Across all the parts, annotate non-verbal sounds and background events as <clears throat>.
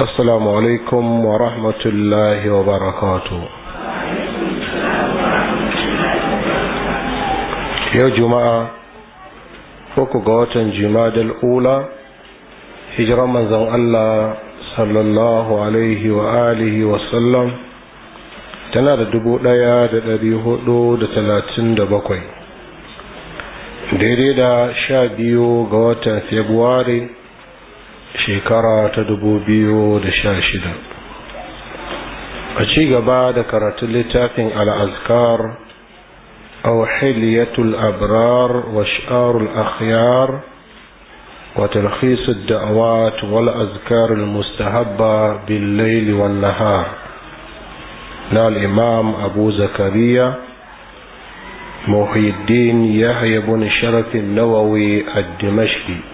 السلام عليكم ورحمة الله وبركاته يا جماعة فوق قوات جماد الأولى هجرة من ذن الله صلى الله عليه وآله وسلم tana دبو dubu ɗaya هدو ɗari دبقوي da talatin da bakwai daidai da shekara ta dubu biyu da sha shida a ci gaba da karatun littafin al'azkar auhiliyatul abrar wa sha'arul akhyar wa talhisar da'awat wal azkarul mustahabba bin laili wan nahar na al'imam abu zakariya muhiddin yahya bin sharafin nawawi a dimashki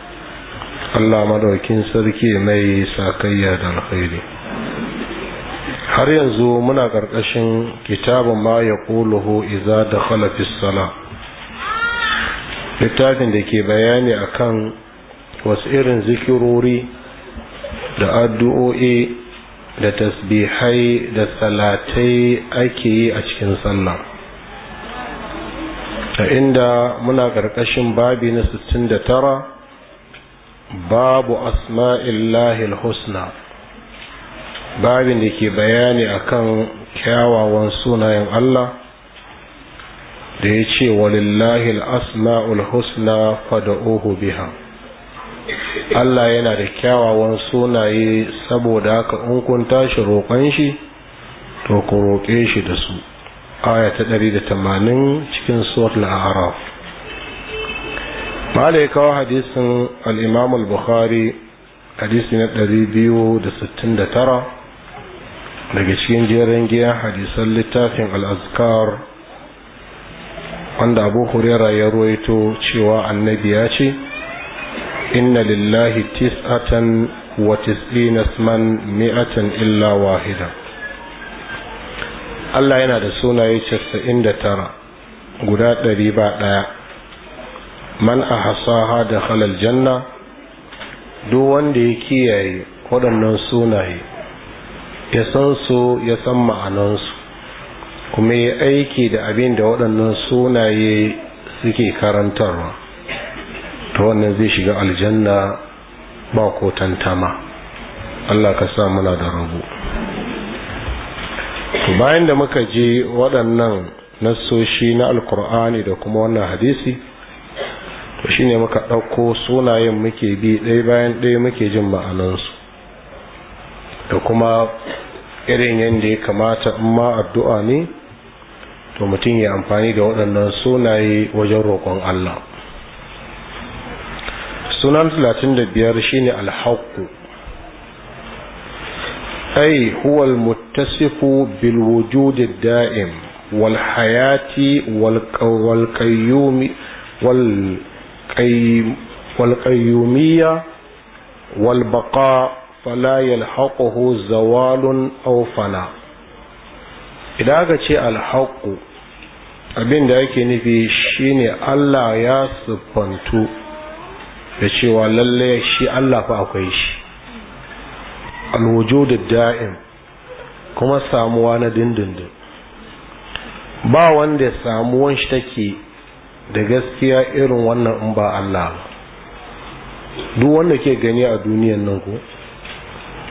Allah madaukin sarki mai sakayya da alkhairi har yanzu muna ƙarƙashin kitabun ma ya kuluhu iza da khalafis sala littafin da ke bayani a kan wasu irin zikirori da addu'o'i da tasbihai da salatai ake yi a cikin sallah ta inda muna ƙarƙashin babi na tara. babu asma'illahil husna babin da ke bayani akan kyawawan sunayen Allah da ya ce walillahi asma'ul husna fada'uhu biha Allah yana da kyawawan sunaye saboda haka in kun tashi roƙon shi to ku roƙe shi da su aya ta tamanin cikin suratul a'raf malai kawo hadisin al'imam al-bukhari hadisi na 269 daga cikin jerin giyan hadisan littafin al'azkar wanda abu hurera ya ruwaito cewa annabi ya ce inna lillahi tis'atan wa tis'inas man mi'atan illa wahida Allah yana da sunaye 99 guda ɗari ba ɗaya man da halal janna duk wanda ya kiyaye waɗannan sunaye ya san su ya san ma'anansu kuma ya aiki da abin da waɗannan sunaye suke karantarwa ta wannan zai shiga aljanna ba ko tantama allah ka sa muna da rabu bayan da muka je waɗannan nassoshi na alkur'ani da kuma wannan hadisi to shine muka ɗauko sunayen muke bi ɗaya bayan ɗaya muke jin ma'anansu da kuma irin yadda ya kamata in ma addu'a ne to mutum ya amfani da waɗannan sunaye wajen roƙon Allah sunan talatin da 35 shine alhaku ai huwa almuttasifu bil da daim wal hayati wal والقيوم wal القيم والقيومية والبقاء فلا يلحقه زوال أو فنا إذا أجت الحق abin da yake nufi shine Allah ya siffantu da cewa lalle shi Allah fa akwai shi alwujudu da'im kuma samuwa na dindindin ba wanda samuwan shi take da gaskiya irin wannan in ba Allah duk wanda ke gani a duniyan nan ko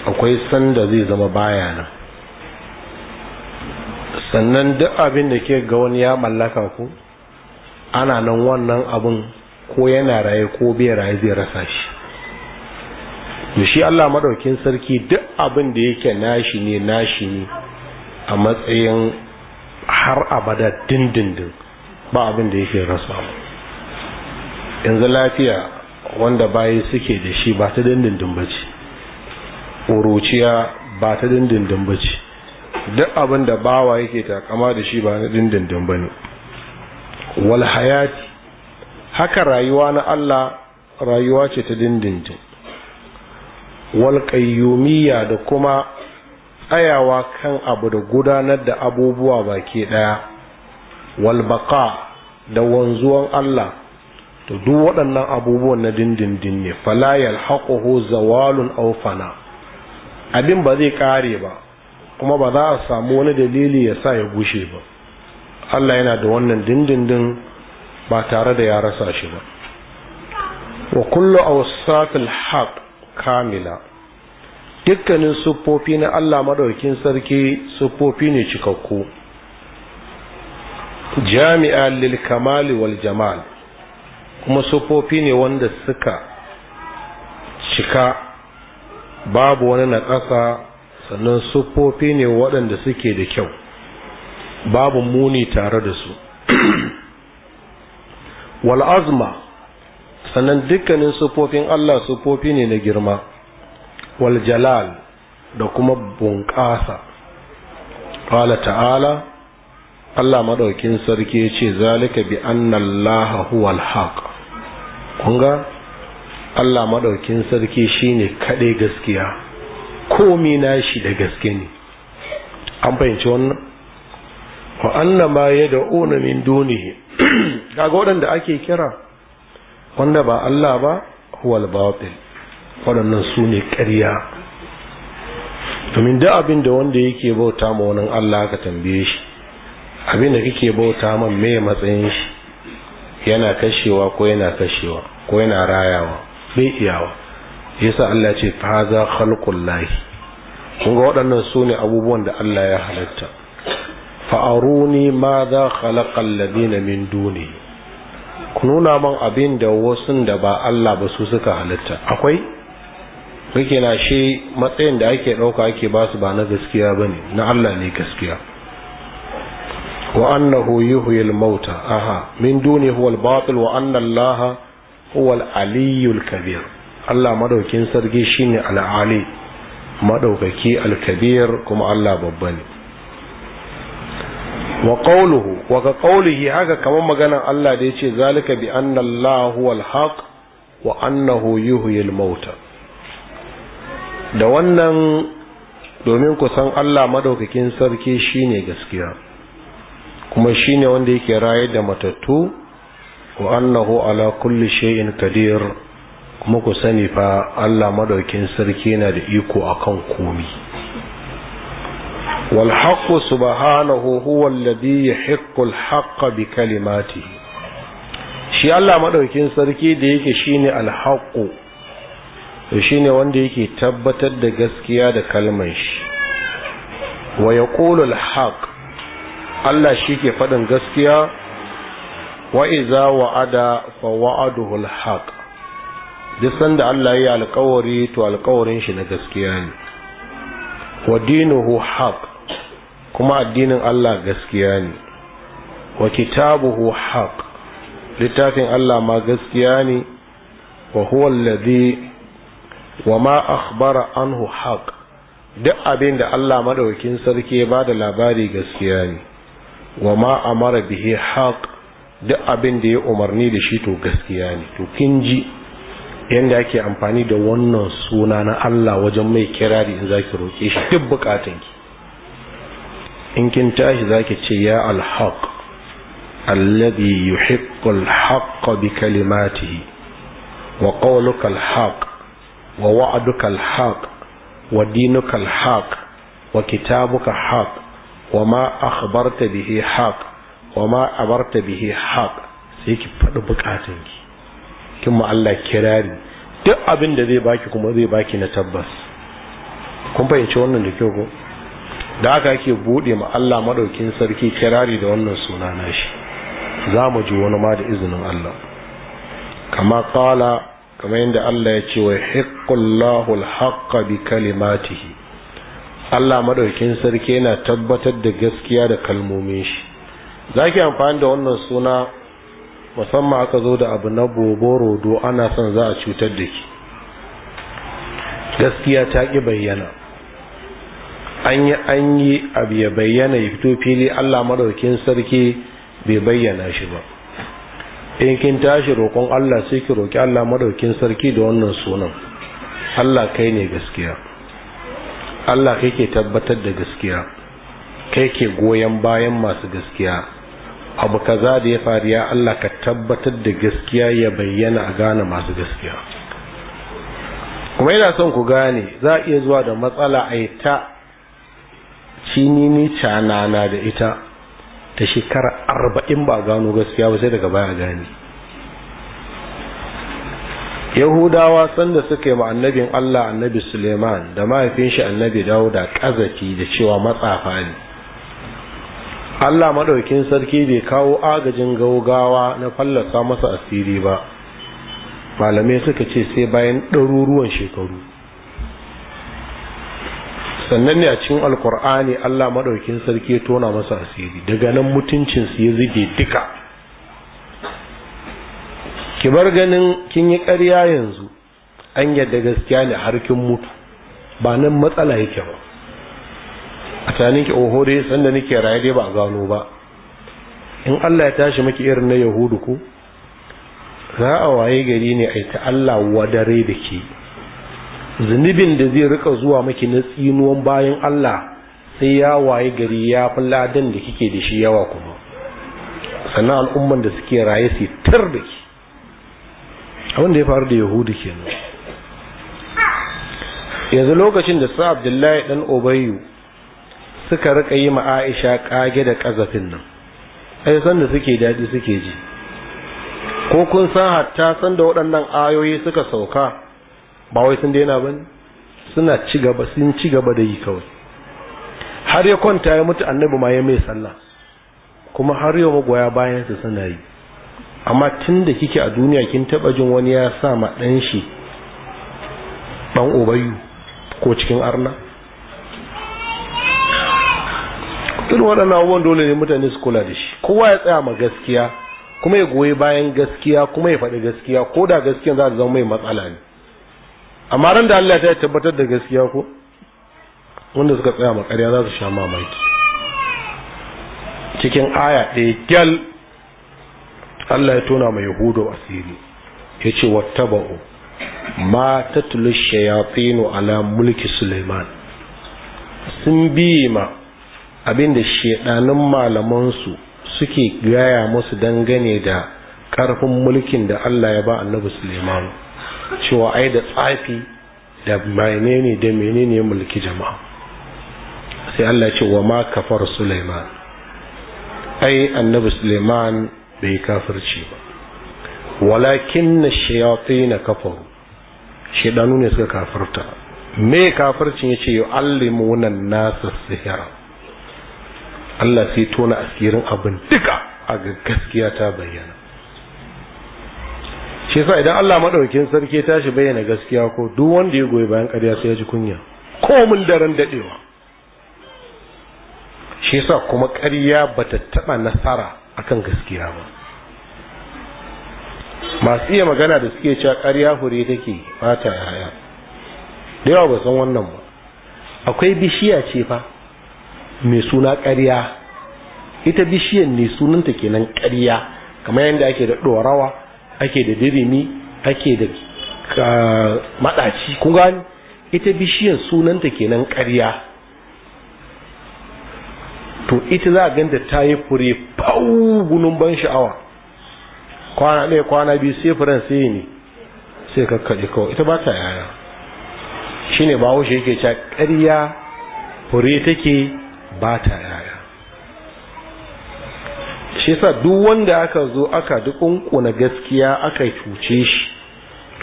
akwai sanda zai zama baya nan sannan duk abin da ke ga wani ya mallaka ku ana nan wannan abin ko yana raye ko bai raye zai rasa shi da shi Allah madaukin sarki duk abin da yake nashi ne nashi ne a matsayin har abada dindindin ba abin da yake rasa yanzu lafiya wanda bayi suke da shi ba ta dindindin bace uruciya ba ta dindindin bace duk abin da bawa yake takama da shi ba na dindindin bane wal hayati haka rayuwa na Allah rayuwa ce ta dindindin wal da kuma tsayawa kan abu da gudanar da abubuwa baki ɗaya. wal da wanzuwan Allah to duk waɗannan abubuwan na dindindin ne fala yalhaquhu zawalun aw abin ba zai kare ba kuma ba za a samu wani dalili ya sa ya gushe ba Allah yana da wannan dindindin ba tare da ya rasa shi ba wa kullu awsatul haq kamila dukkanin siffofi na Allah madaukin sarki siffofi ne cikakku jami'a lil kamali wal jamal kuma sufofi ne wanda suka cika babu wani na ƙasa sannan sufofi ne waɗanda suke da kyau babu muni tare da su <clears throat> wal azma sannan dukkanin sufofin Allah sufofi ne na girma wal jalal da kuma bunƙasa qala ta'ala Allah madaukin sarki ya ce zalika bi annallaha huwal haq kun ga Allah madaukin sarki shine kaɗai gaskiya komi nashi da gaske ne an fahimci wannan wa annama yad'una min dunihi <clears throat> kaga waɗanda ake kira wanda ba Allah ba huwal batil waɗannan su ne ƙarya domin da abin da wanda yake bauta ma wani Allah ka tambaye shi abin da kake bauta man me matsayin shi yana kashewa ko yana kashewa ko yana rayawa be iyawa yasa Allah ce faza khalqul lahi kun ga waɗannan sune abubuwan da Allah ya halatta fa'aruni ma za khalaqa alladhina min duni ku nuna man abin da wasu da ba Allah ba su suka halatta akwai kake na shi matsayin da ake ɗauka ake basu ba na gaskiya bane na Allah ne gaskiya wa annahu yuhyil mauta aha min duni huwa al-batil wa anna allaha huwa al allah madaukin sarge shine al-ali madaukake al kuma allah babba ne. qawluhu wa haka kaman magana allah da yace zalika bi anna allaha huwa al-haq wa annahu yuhyil mauta da wannan domin ku san allah maɗaukakin sarki shine gaskiya kuma shi ne wanda yake raye da matattu wa annahu ala kulli shay'in qadir kuma ku sani fa Allah madaukin sarki yana da iko akan komi wal haqq subhanahu huwa alladhi yahiqqu al haqq bi kalimatihi shi Allah madaukin sarki da yake shine al haqq to shine wanda yake tabbatar da gaskiya da kalmar shi wa yaqulu al haqq Allah shi ke faɗin gaskiya wa'iza wa'ada fa wa'aduhu duk sanda Allah ya alkawari to alkawarin shi na gaskiya ne wa dinuhu kuma addinin Allah gaskiya ne wa kitabuhu littafin Allah ma gaskiya ne wa huwa wa ma akhbara anhu haƙ duk abin da Allah maɗaukin sarki ba da labari gaskiya ne wa ma amara bihi haƙ duk abin da ya umarni da shi to gaskiya ne to kin ji yanda ake amfani da wannan suna na Allah wajen mai kirari in zaki roke shi duk ki in kin tashi zaki ce ya al-haq alladhi yuhibbu al bi kalimatihi wa qawluka al-haq wa wa'duka al wa dinuka al wa kitabuka haq وما ma به حق وما wa به حق bihi haq sai ki faɗi bukatunki kin mu Allah kirari duk abin da zai baki kuma zai baki na tabbas kun fahimci wannan da kyau ko da aka ake bude ma Allah madaukin sarki kirari da wannan suna nashi za mu ji wani ma da izinin Allah kama qala kama yadda Allah ya ce wa hiqqullahu al bi kalimatihi Allah madaukin sarki yana tabbatar da gaskiya da kalmomin shi zaki amfani da wannan suna musamman aka zo da abu na boboro do ana son za a cutar da ki gaskiya ta ki bayyana an yi an yi abu ya bayyana ya fito fili Allah madaukin sarki bai bayyana shi ba in kin tashi roƙon Allah sai ki roƙi Allah madaukin sarki da wannan sunan Allah kai ne gaskiya Allah kai ke tabbatar da gaskiya kai ke goyon bayan masu gaskiya abu kaza da ya faru ya Allah ka tabbatar da gaskiya ya bayyana a gane masu gaskiya kuma yana son ku gane za a iya zuwa da matsala a ita cinini canana da ita ta shekara arba'in ba gano gaskiya ba sai daga baya gani yahudawa sanda suka yi ma annabin allah annabi suleiman da mahaifin shi annabi dauda kazaki da cewa matsafa ne allah maɗaukin sarki bai kawo agajin gaugawa na fallasa masa asiri ba malamai suka ce sai bayan ɗaruruwan shekaru sannan ne a cikin alkur'ani allah maɗaukin sarki tona masa asiri daga nan mutuncinsu ya zige duka ki bar ganin kin yi ƙarya yanzu an yadda gaskiya ne har kin mutu ba nan matsala yake ba a tunanin ki oho dai sanda nake raye dai ba gano ba in Allah ya tashi miki irin na yahudu ko za a waye gari ne ai ta Allah wadare da ke zunubin da zai rika zuwa maki na tsinuwan bayan Allah sai ya waye gari ya fi ladan da kike da shi yawa kuma sannan al'umman da suke raye su tar da ke abin da ya faru da yahudu kenan yanzu lokacin da su abdullahi dan obayu suka rika yi ma aisha kage da kazafin nan ai yi sanda suke daji suke ji ko kun san hatta sanda waɗannan ayoyi suka sauka ba wai sun daina ba suna ci gaba sun ci gaba da yi kawai har ya kwanta ya mutu annabi ma ya mai sallah kuma har yau magoya bayan su suna yi amma tun da kike a duniya kin taba jin wani ya sa ma dan shi dan obayu ko cikin arna irin waɗannan abubuwan dole ne mutane su kula da shi kowa ya tsaya ma gaskiya kuma ya goyi bayan gaskiya kuma ya faɗi gaskiya ko da gaskiyan za ta zama mai matsala ne amma ran da Allah ya tabbatar da gaskiya ko wanda suka tsaya ma ƙarya za su sha mamaki cikin aya ɗaya gyal Allah ya tona mai yahudu asiri ya ce taba'u ma tatlu ya ala mulki Suleiman sun bi ma abinda shedanin malamansu suke gaya musu dangane da karfin mulkin da Allah ya ba annabi Suleiman cewa ai da tsafi da menene da menene mulki jama'a sai Allah ya ce wa ma kafar Suleiman ai annabi Suleiman bai kafirci ba walakin na shayatai na kafin shaidanu ne suka kafirta me kafircin ya ce yi wunan nasa sihira Allah sai tona asirin abin duka a ga gaskiya ta bayyana shi sa idan Allah maɗaukin sarki ya tashi bayyana gaskiya ko duk wanda ya goyi bayan ƙarya sai ya ji kunya komin daren daɗewa shi sa kuma ƙarya ba ta taɓa nasara akan gaskiya ba masu iya magana da suke cewa ƙarya hure take fata yaya da yawa ba san wannan ba akwai bishiya ce fa mai suna ƙarya ita bishiyan ne sunanta kenan ƙarya kamar yadda ake da ɗorawa ake da dirimi ake da ah, maɗaci kun gani ita bishiyan sunanta kenan ƙarya to ita za a ganta ta yi fure gunun ban sha'awa kwana ɗaya kwana biyu sai furen sai ne sai kakkaɗe kawai ita ba ta yaya shi ne ba haushe yake ca ƙarya fure take ba ta yaya shi sa duk wanda aka zo aka dukunkuna gaskiya aka cuce shi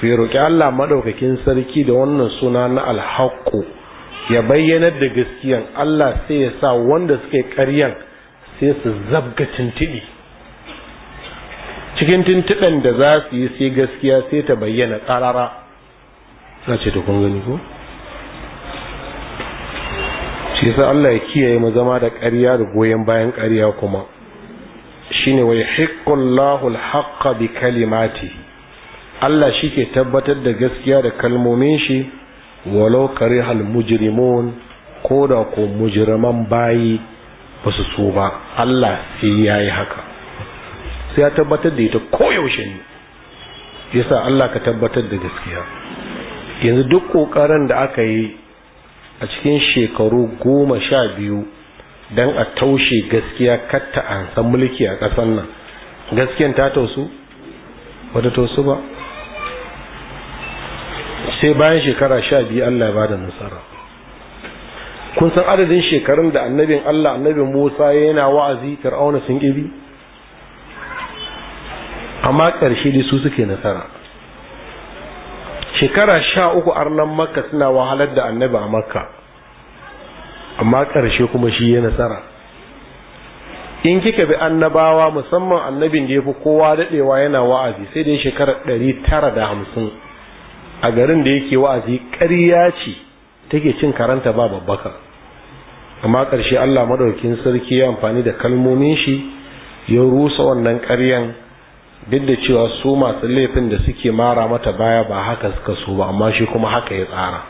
to ya roƙi Allah maɗaukakin sarki da wannan suna na alhaƙo ya bayyanar da gaskiyan Allah sai ya sa wanda suke ƙaryan sai su zabga tintiɗi cikin tintiɗan da za su yi sai gaskiya sai ta bayyana ƙarara na ce ta kun gani ko shi sa Allah ya kiyaye mu zama da ƙarya da goyon bayan ƙarya kuma shine wai hiqqullahu alhaqqa bi kalimati Allah shi ke tabbatar da gaskiya da kalmomin shi walau karihal mujrimun ko da ko mujriman bayi ba su so ba Allah sai ya yi haka sai ya tabbatar da ita koyaushe ne yasa Allah ka tabbatar da gaskiya yanzu duk ƙoƙarin da aka yi a cikin shekaru goma sha biyu don a taushe gaskiya katta an san mulki a ƙasar nan gaskiyan ta tausu wata tausu ba sai bayan shekara sha biyu Allah ya ba da nasara kun san adadin shekarun da annabin Allah annabin Musa yana wa'azi fir'auna sun ƙibi amma ƙarshe da su suke nasara shekara sha uku arnan makka suna wahalar da annabi a makka amma ƙarshe kuma shi ya nasara in kika bi annabawa musamman annabin da ya fi kowa daɗewa yana wa'azi sai dai shekarar ɗari tara da hamsin a garin da yake wa'azi ƙarya ce take cin karanta ba babbaka amma ƙarshe Allah madaukin sarki ya amfani da kalmomin shi ya rusa wannan ƙaryan duk da cewa su masu laifin da suke mara mata baya ba haka suka so ba amma shi kuma haka ya tsara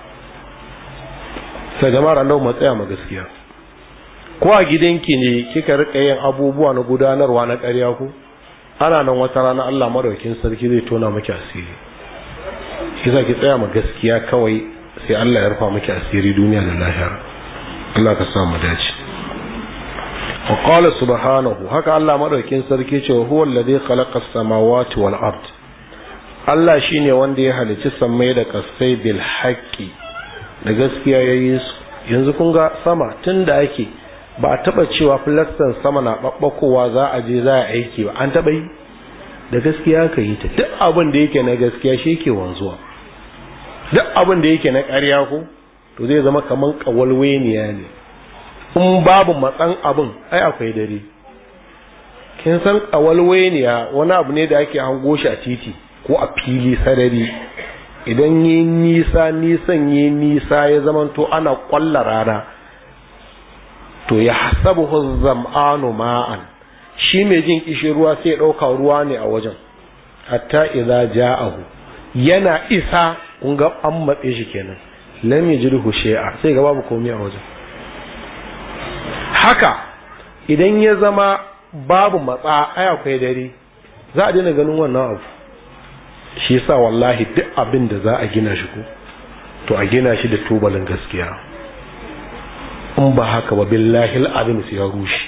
sai da Allah mu tsaya ma gaskiya ko a gidanki ne kika rika yin abubuwa na gudanarwa na ƙarya ko ana nan wata rana Allah madaukin sarki zai tona miki asiri ki za ki tsaya ma gaskiya kawai sai Allah ya rufa miki asiri duniya da lahira Allah ka sa mu dace wa qala subhanahu haka Allah madaukin sarki ce huwa alladhi khalaqa as-samawati wal ard Allah shine wanda ya halicci sammai da kasai bil haqqi da gaskiya yayi su yanzu kun ga sama tunda ake ba a taba cewa filastan sama na babbakowa za a je za a aiki ba an taba yi da gaskiya ka yi ta duk abin da yake na gaskiya shi yake wanzuwa duk abin da yake na ƙarya ko to zai zama kaman ƙawalweniya ne in babu matsan abin ai akwai dare kin san ƙawalweniya wani abu ne da ake hango shi a titi ko a fili sarari idan yi nisa nisan yi nisa ya zamanto ana ƙwalla rana to ya hasabuhu zam'anu ma'an shi mai jin kishi ruwa sai ya ɗauka ruwa ne a wajen hatta idza ja'ahu yana isa kun ga an matse shi kenan lam yajidhu shay'a sai ga babu komai a wajen haka idan ya zama babu matsa ai akwai dare za a daina ganin wannan abu shi yasa wallahi duk abin da za a gina shi ko to a gina shi da tubalin gaskiya in ba haka ba billahi al'azim sai ya rushe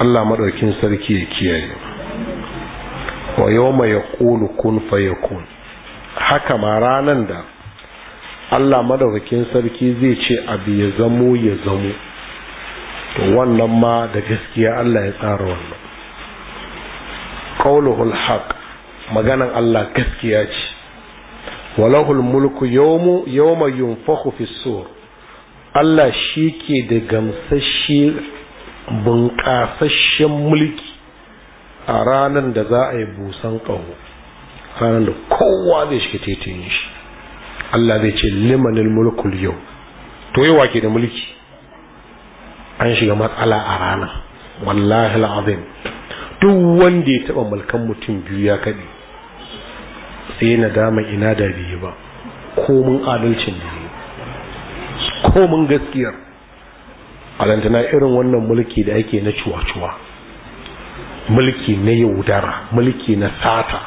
Allah madaukin sarki ya kiyaye wa yawma yaqulu kun fayakun haka ma ranan da Allah madaukakin sarki zai ce abu ya zamo ya zamo to wannan ma da gaskiya Allah ya tsara wannan qawluhul haƙ maganan Allah gaskiya ce walahul mulku yawmu yawma yunfakhu fi sur Allah shi ke da gamsashe bunƙasashen mulki a ranar da za a yi busan ƙaho ranar da kowa zai shiga titin shi Allah zai ce limanin mulkul yau to yawa ke da mulki an shiga matsala a rana wallahi la'azin duk wanda ya taɓa mulkan mutum biyu ya kaɗe sai na dama ina da biyu ba komin adalcin da biyu komin gaskiyar alantana irin wannan mulki da ake na cuwa-cuwa mulki na yaudara mulki na sata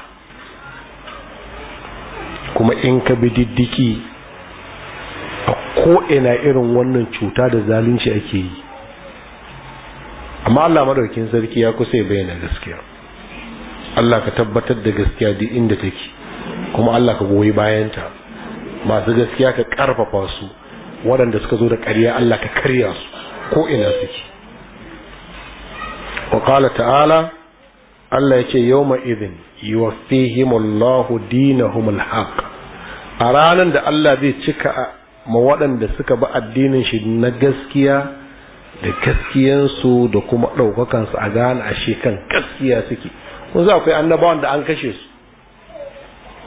kuma in ka bi diddiki a ko'ina irin wannan cuta da zalunci ake yi amma Allah madaukin sarki ya kusa ya bayyana gaskiya Allah ka tabbatar da gaskiya duk inda take kuma Allah ka goyi bayanta masu gaskiya ka karfafa su waɗanda suka zo da ƙarya Allah ka karya su ko ina suke wa ta'ala Allah yake yawma idhin yuwaffihimullahu dinahumul haqq a ranar da Allah zai cika ma waɗanda suka ba addinin shi na gaskiya da gaskiyansu da kuma ɗaukakansu a gane a shekan gaskiya suke kun za akwai annabawan da an kashe su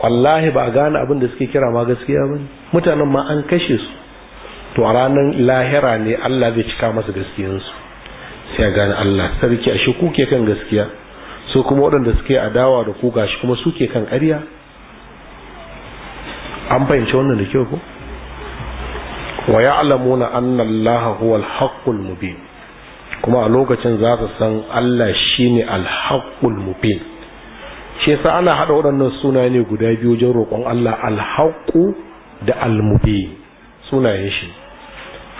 wallahi ba a gane abin da suke kira ma gaskiya ba mutanen ma an kashe su to a ranar lahira ne Allah zai cika masa gaskiyansu sai a gane Allah sarki ashe ku ke kan gaskiya so kuma waɗanda suke adawa da ku gashi kuma suke kan ƙarya an fahimci wannan da kyau ko wa ya'lamuna anna Allah huwa al-haqqul mubin kuma a lokacin za su san Allah shine al-haqqul mubin shi yasa ana haɗa waɗannan sunaye ne guda biyu wajen roƙon Allah al da al-mubin sunayen shi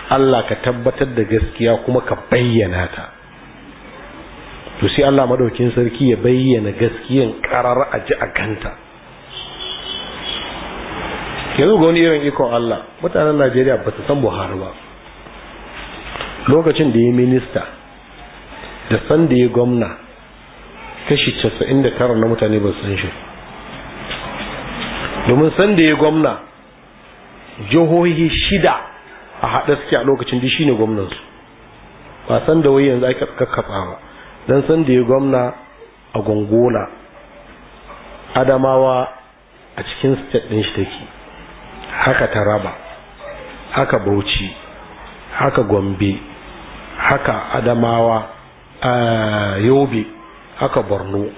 Allah ka tabbatar da gaskiya kuma ka bayyana ta to sai Allah madaukin sarki ya bayyana gaskiyan karar a ji a kanta yanzu ga wani irin ikon Allah mutanen Najeriya ba su san Buhari ba lokacin da ya minista da san da ya gwamna kashi 99 na mutane ba su san shi domin san da ya gwamna jihohi shida a haɗe suke a lokacin da shine ne gwamnansu ba san da wai yanzu ka kakkafa ba don san da ya gwamna a gongola adamawa a cikin state ɗin shi take haka taraba haka bauchi haka gombe haka adamawa a yobe haka borno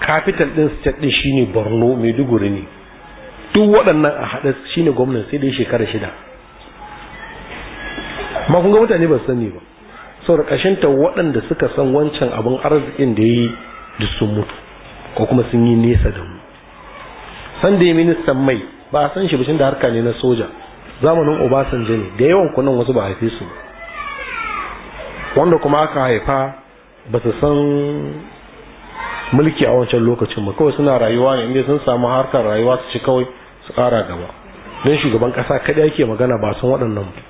capital ɗin state ɗin shine borno mai maiduguri ne duk waɗannan a haɗa shine gwamnan sai dai shekara shida ma kun ga mutane ba su sani ba saboda kashin ta waɗanda suka san wancan abin arzikin da yi da sun mutu ko kuma sun yi nesa da mu san da yi ministan mai ba a san shi bishin da harka ne na soja zamanin obasanjo ne da yawan kunan wasu ba haife su wanda kuma aka haifa ba su san mulki a wancan lokacin ba kawai suna rayuwa ne inda sun samu harkar rayuwa su ci kawai su ƙara gaba don shugaban ƙasa kaɗai ake magana ba sun waɗannan ba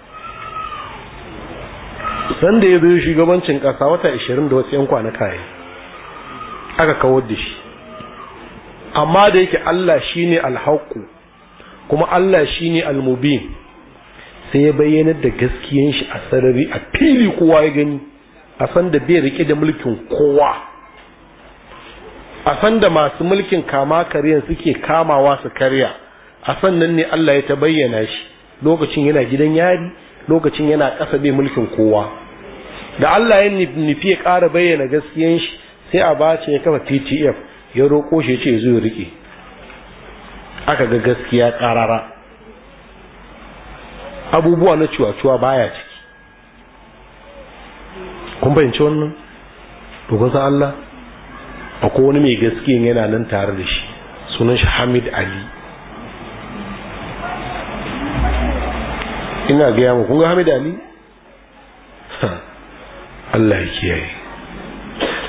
sanda ya zo shugabancin ƙasa wata 20 da wasu yan kwanaka yayi aka kawar da shi amma da yake Allah shi ne alhaku kuma Allah shi ne almubin sai ya bayyana da gaskiyan shi a sarari a fili kowa ya gani a san da bai rike da mulkin kowa a san da masu mulkin kama karyan suke kamawa su karya a sannan ne Allah ya ta bayyana shi lokacin yana gidan yari lokacin yana ƙasa bai mulkin kowa da Allah ya nufi ya ƙara bayyana gaskiyan shi sai a bace ya kafa PTF ya roƙo shi ce zo ya rike aka ga gaskiya ƙarara abubuwa na cuwa-cuwa baya ciki kun fahimci wannan to Allah akwai wani mai gaskiyan yana nan tare da shi sunan shi Hamid Ali ina gaya mu kun ga hamid ali Allah ya kiyaye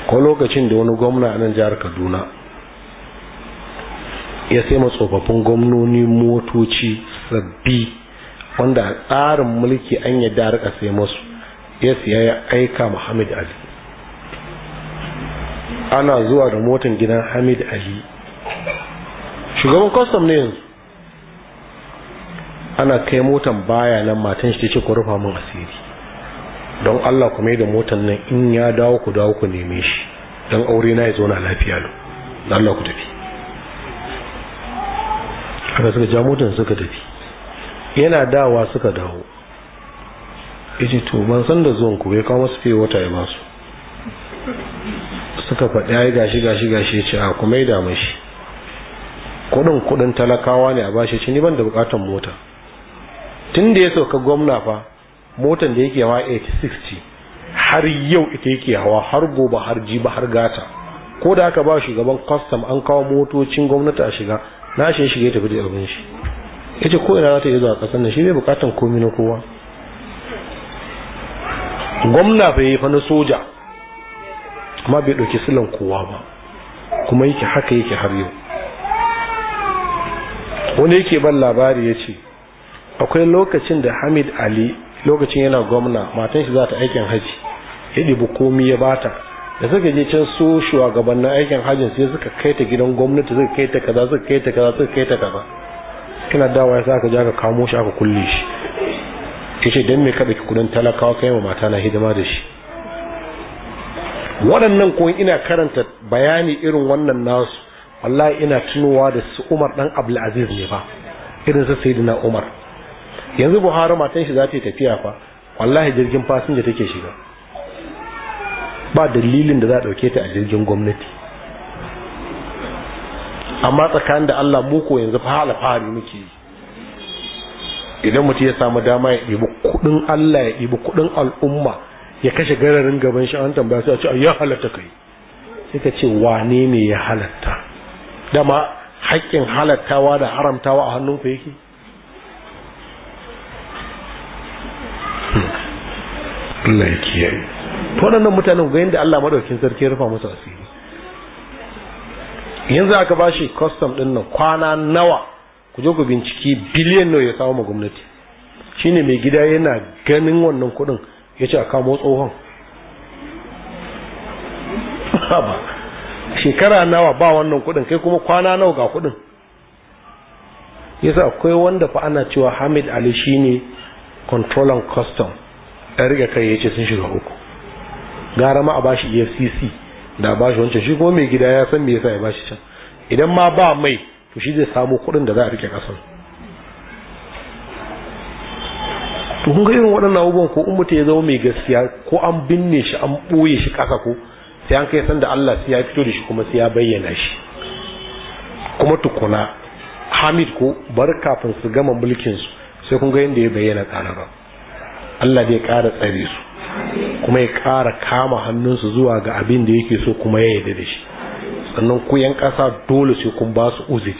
ko lokacin da wani gwamna a nan jihar kaduna ya sai tsofaffin gwamnoni motoci sabbi wanda a tsarin mulki an yadda rika sai masu ya siya ya aika muhammad ali ana zuwa da motan gidan hamid ali shugaban kwastam ne yanzu ana kai motan baya nan matan shi ta ce ku rufa min asiri don Allah ku mai da motan nan in ya dawo ku dawo ku neme shi don aure na ya zo na lafiya lo da Allah ku tafi haka suka ja motan suka tafi yana dawa suka dawo yace to ban san da zuwan ku ya kawo masu fiye wata ya ba su suka faɗi ai gashi gashi gashi ya ce a ku mai da mashi kudin kudin talakawa ne a bashi shi ni ban da buƙatar mota tun da ya sauka gwamna fa motan da yake hawa 860 har yau ita yake hawa har gobe har ba har gata ko da aka ba shugaban kwastam an kawo motocin gwamnati a shiga na shi shiga ya tafi da abin shi ya ce ko ina za ta iya zuwa ƙasar nan shi zai bukatan komi na kowa gwamna fa yi fa na soja amma bai ɗauki silan kowa ba kuma yake haka yake har yau wani yake ban labari ya ce akwai lokacin da hamid ali lokacin yana gwamna matan shi za ta aikin haji ya ɗibi komi ya bata da suka je can su shugabannin aikin hajjin sai suka kai ta gidan gwamnati suka kai ta kaza suka kai ta kaza suka kai ta kaza kina dawa ya sa ka ja ka kamo shi aka kulle shi ce dan me ka daki kudin talakawa kai ma mata na hidima da shi waɗannan ko ina karanta bayani irin wannan nasu wallahi ina tunowa da su Umar dan Abdul Aziz ne ba irin su Sayyidina Umar yanzu buhari matan shi za ta yi tafiya fa wallahi jirgin fasinja take shiga ba dalilin da za a ɗauke ta a jirgin gwamnati amma tsakanin da allah muku yanzu fa alfahari muke yi idan mutum ya samu dama ya ɗibi kuɗin allah ya ɗibi kuɗin al'umma ya kashe gararin gaban shi an tambaya sai a ce a ya halatta kai sai ka ce wane ne ya halatta dama haƙƙin halattawa da haramtawa a hannun hannunku yake Allah kiyaye to mutanen ga yadda Allah madaukakin sarki ya rufa musu asiri yanzu aka bashi custom din nan kwana nawa ku je ku binciki biliyan nawa ya samu ma gwamnati shine mai gida yana ganin wannan kuɗin ya ce a kamo tsohon shekara nawa ba wannan kuɗin kai kuma kwana nawa ga kuɗin yasa akwai wanda fa ana cewa hamid ali shine controlling custom ɗan rike kai ya ce sun shiga uku gara ma a bashi efcc da bashi wancan shi kuma mai gida ya san me yasa ya bashi can idan ma ba mai to shi zai samu kuɗin da za a rike kasan to kun ga irin waɗannan abubuwan ko in mutum ya zama mai gaskiya ko an binne shi an ɓoye shi ƙasa ko sai an kai sanda Allah sai ya fito da shi kuma sai ya bayyana shi kuma tukuna Hamid ko bar kafin su gama mulkin su sai kun ga yadda ya bayyana ba Allah zai ƙara tsare su kuma ya ƙara kama hannunsu zuwa ga abin da yake so kuma ya yadda da shi sannan ku yan ƙasa dole sai kun ba su uzuri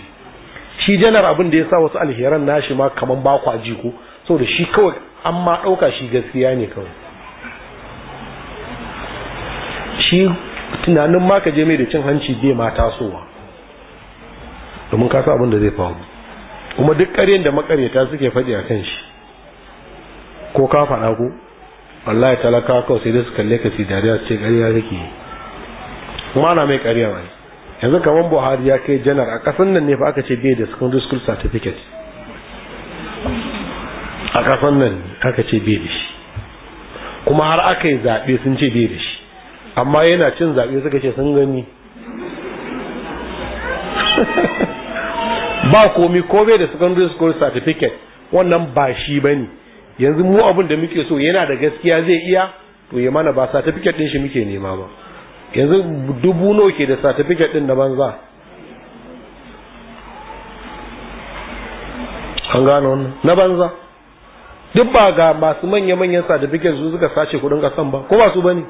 shi janar abin da ya sa wasu alheran nashi ma kaman ba ku aji ku saboda shi kawai an ma ɗauka shi gaskiya ne kawai shi tunanin ma ka je mai da cin hanci bai ma tasowa domin ka abin da zai faru kuma duk ƙaryen da makaryata suke faɗi a kan shi ko ka faɗa ko wallahi talaka kawai sai dai su kalle ka su dariya ce ƙarya take kuma ana mai ƙarya ba yanzu kamar buhari ya kai janar a ƙasan nan ne fa aka ce bai da secondary school certificate a ƙasan nan aka ce bai da shi kuma har aka yi zaɓe sun ce bai da shi amma yana cin zaɓe suka ce sun gani <laughs> ba komi ko bai da secondary school certificate wannan ba shi ne yanzu mu abin da muke so yana da gaskiya zai iya to ya mana ba certificate din shi muke nema ba yanzu dubu nawa ke da certificate din na banza an gano wannan na banza duk ba ga masu manya-manyan certificate su suka sace kudin kasan ba ko ba su bane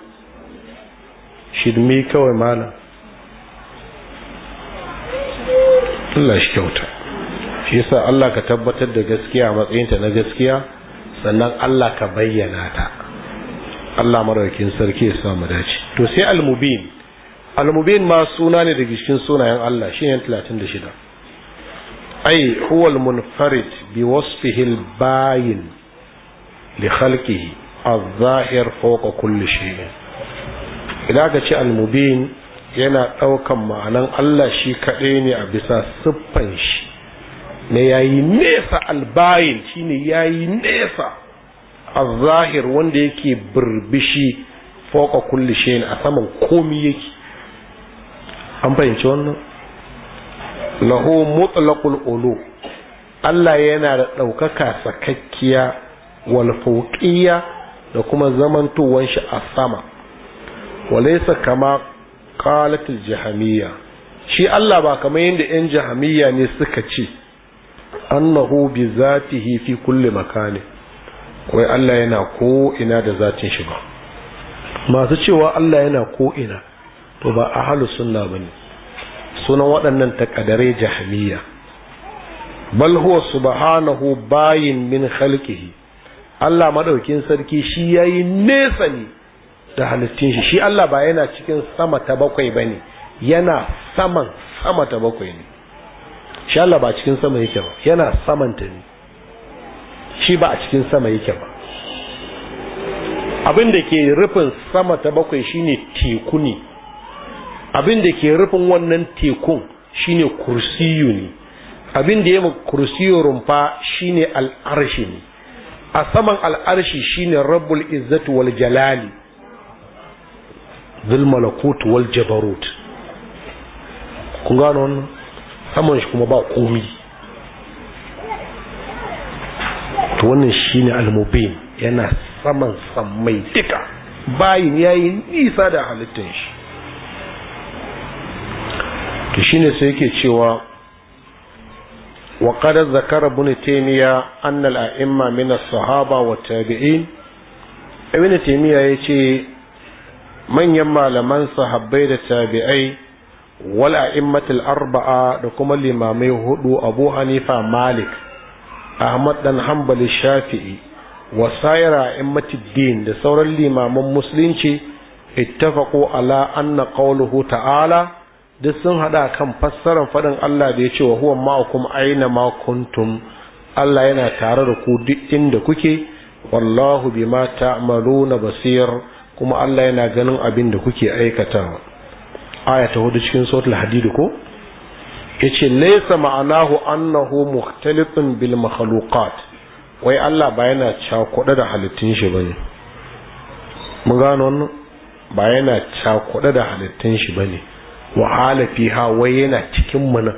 shirme kawai malam Allah shi kyauta shi yasa Allah ka tabbatar da gaskiya a ta na gaskiya sannan Allah ka bayyana ta Allah maraukin sarki ya samu dace to sai al almubin ma suna ne daga cikin sunayen Allah shi ne 36 bayin li khalqihi بوصفه zahir fawqa kulli shay'in idan ka ce al mubin yana ɗaukan ma'anan Allah shi kaɗai ne a bisa siffan shi na yayi nesa albayin shine yayi nesa azahir zahir wanda yake burbishi foka kulli shi a saman komi yake an fahimci wannan lahu mutlaqul ulu Allah yana da ɗaukaka sakakkiya wal da kuma zamantowan shi a sama walaysa kama qalatul jahamiyya shi Allah ba kamar yadda yan jahamiyya ne suka ce annahu bi hifi fi makani wai Allah yana ko ina da zatin shi ba masu cewa Allah yana ko ina to ba ahlus sunna bane sunan waɗannan takadare jahamiyya bal huwa subhanahu bayin min khalqihi Allah madaukin sarki shi yayi nesa ne da halittun shi shi Allah ba yana cikin sama ta bakwai ba ne yana saman sama ta bakwai ne shi Allah ba cikin sama yake ba yana saman ta ne shi ba a cikin sama yake ba abin da ke rufin sama ta bakwai shine teku ne abin da ke rufin wannan tekun shine kursiyu ne abin da ya kursiyu rumfa shine al'arshi ne a saman al'arshi shine rabbul izzatu wal jalali dhul malakut wal jabarut kun gano non shi kuma ba komi to wannan shine almubin yana saman sammai duka bayin yayi isa da halittar shi to shine sai yake cewa taymiya anna al a'imma min as sahaba wa tabi'in ibn taymiya yace manyan malaman sahabbai da tabi'ai wal a'immatul arba'a da kuma limamai hudu Abu Hanifa Malik Ahmad dan Hanbali Shafi'i wa sayra din da sauran limaman musulunci ittafaqu ala anna qawluhu ta'ala duk sun hada kan fassarar fadin Allah da ya ce wa huwa ma'akum aina ma kuntum Allah yana tare da ku duk inda kuke wallahu bima ta'maluna basir kuma Allah yana ganin abin da kuke aikatawa aya ta hudu cikin suratul hadidu ko Ya ce laisa ma'anahu annahu mukhtalifun bil makhluqat wai Allah ba yana cakuɗa da halittun shi bane mun gano wannan ba yana cakuɗa da halittun shi bane wahala fiha wai yana cikin mu nan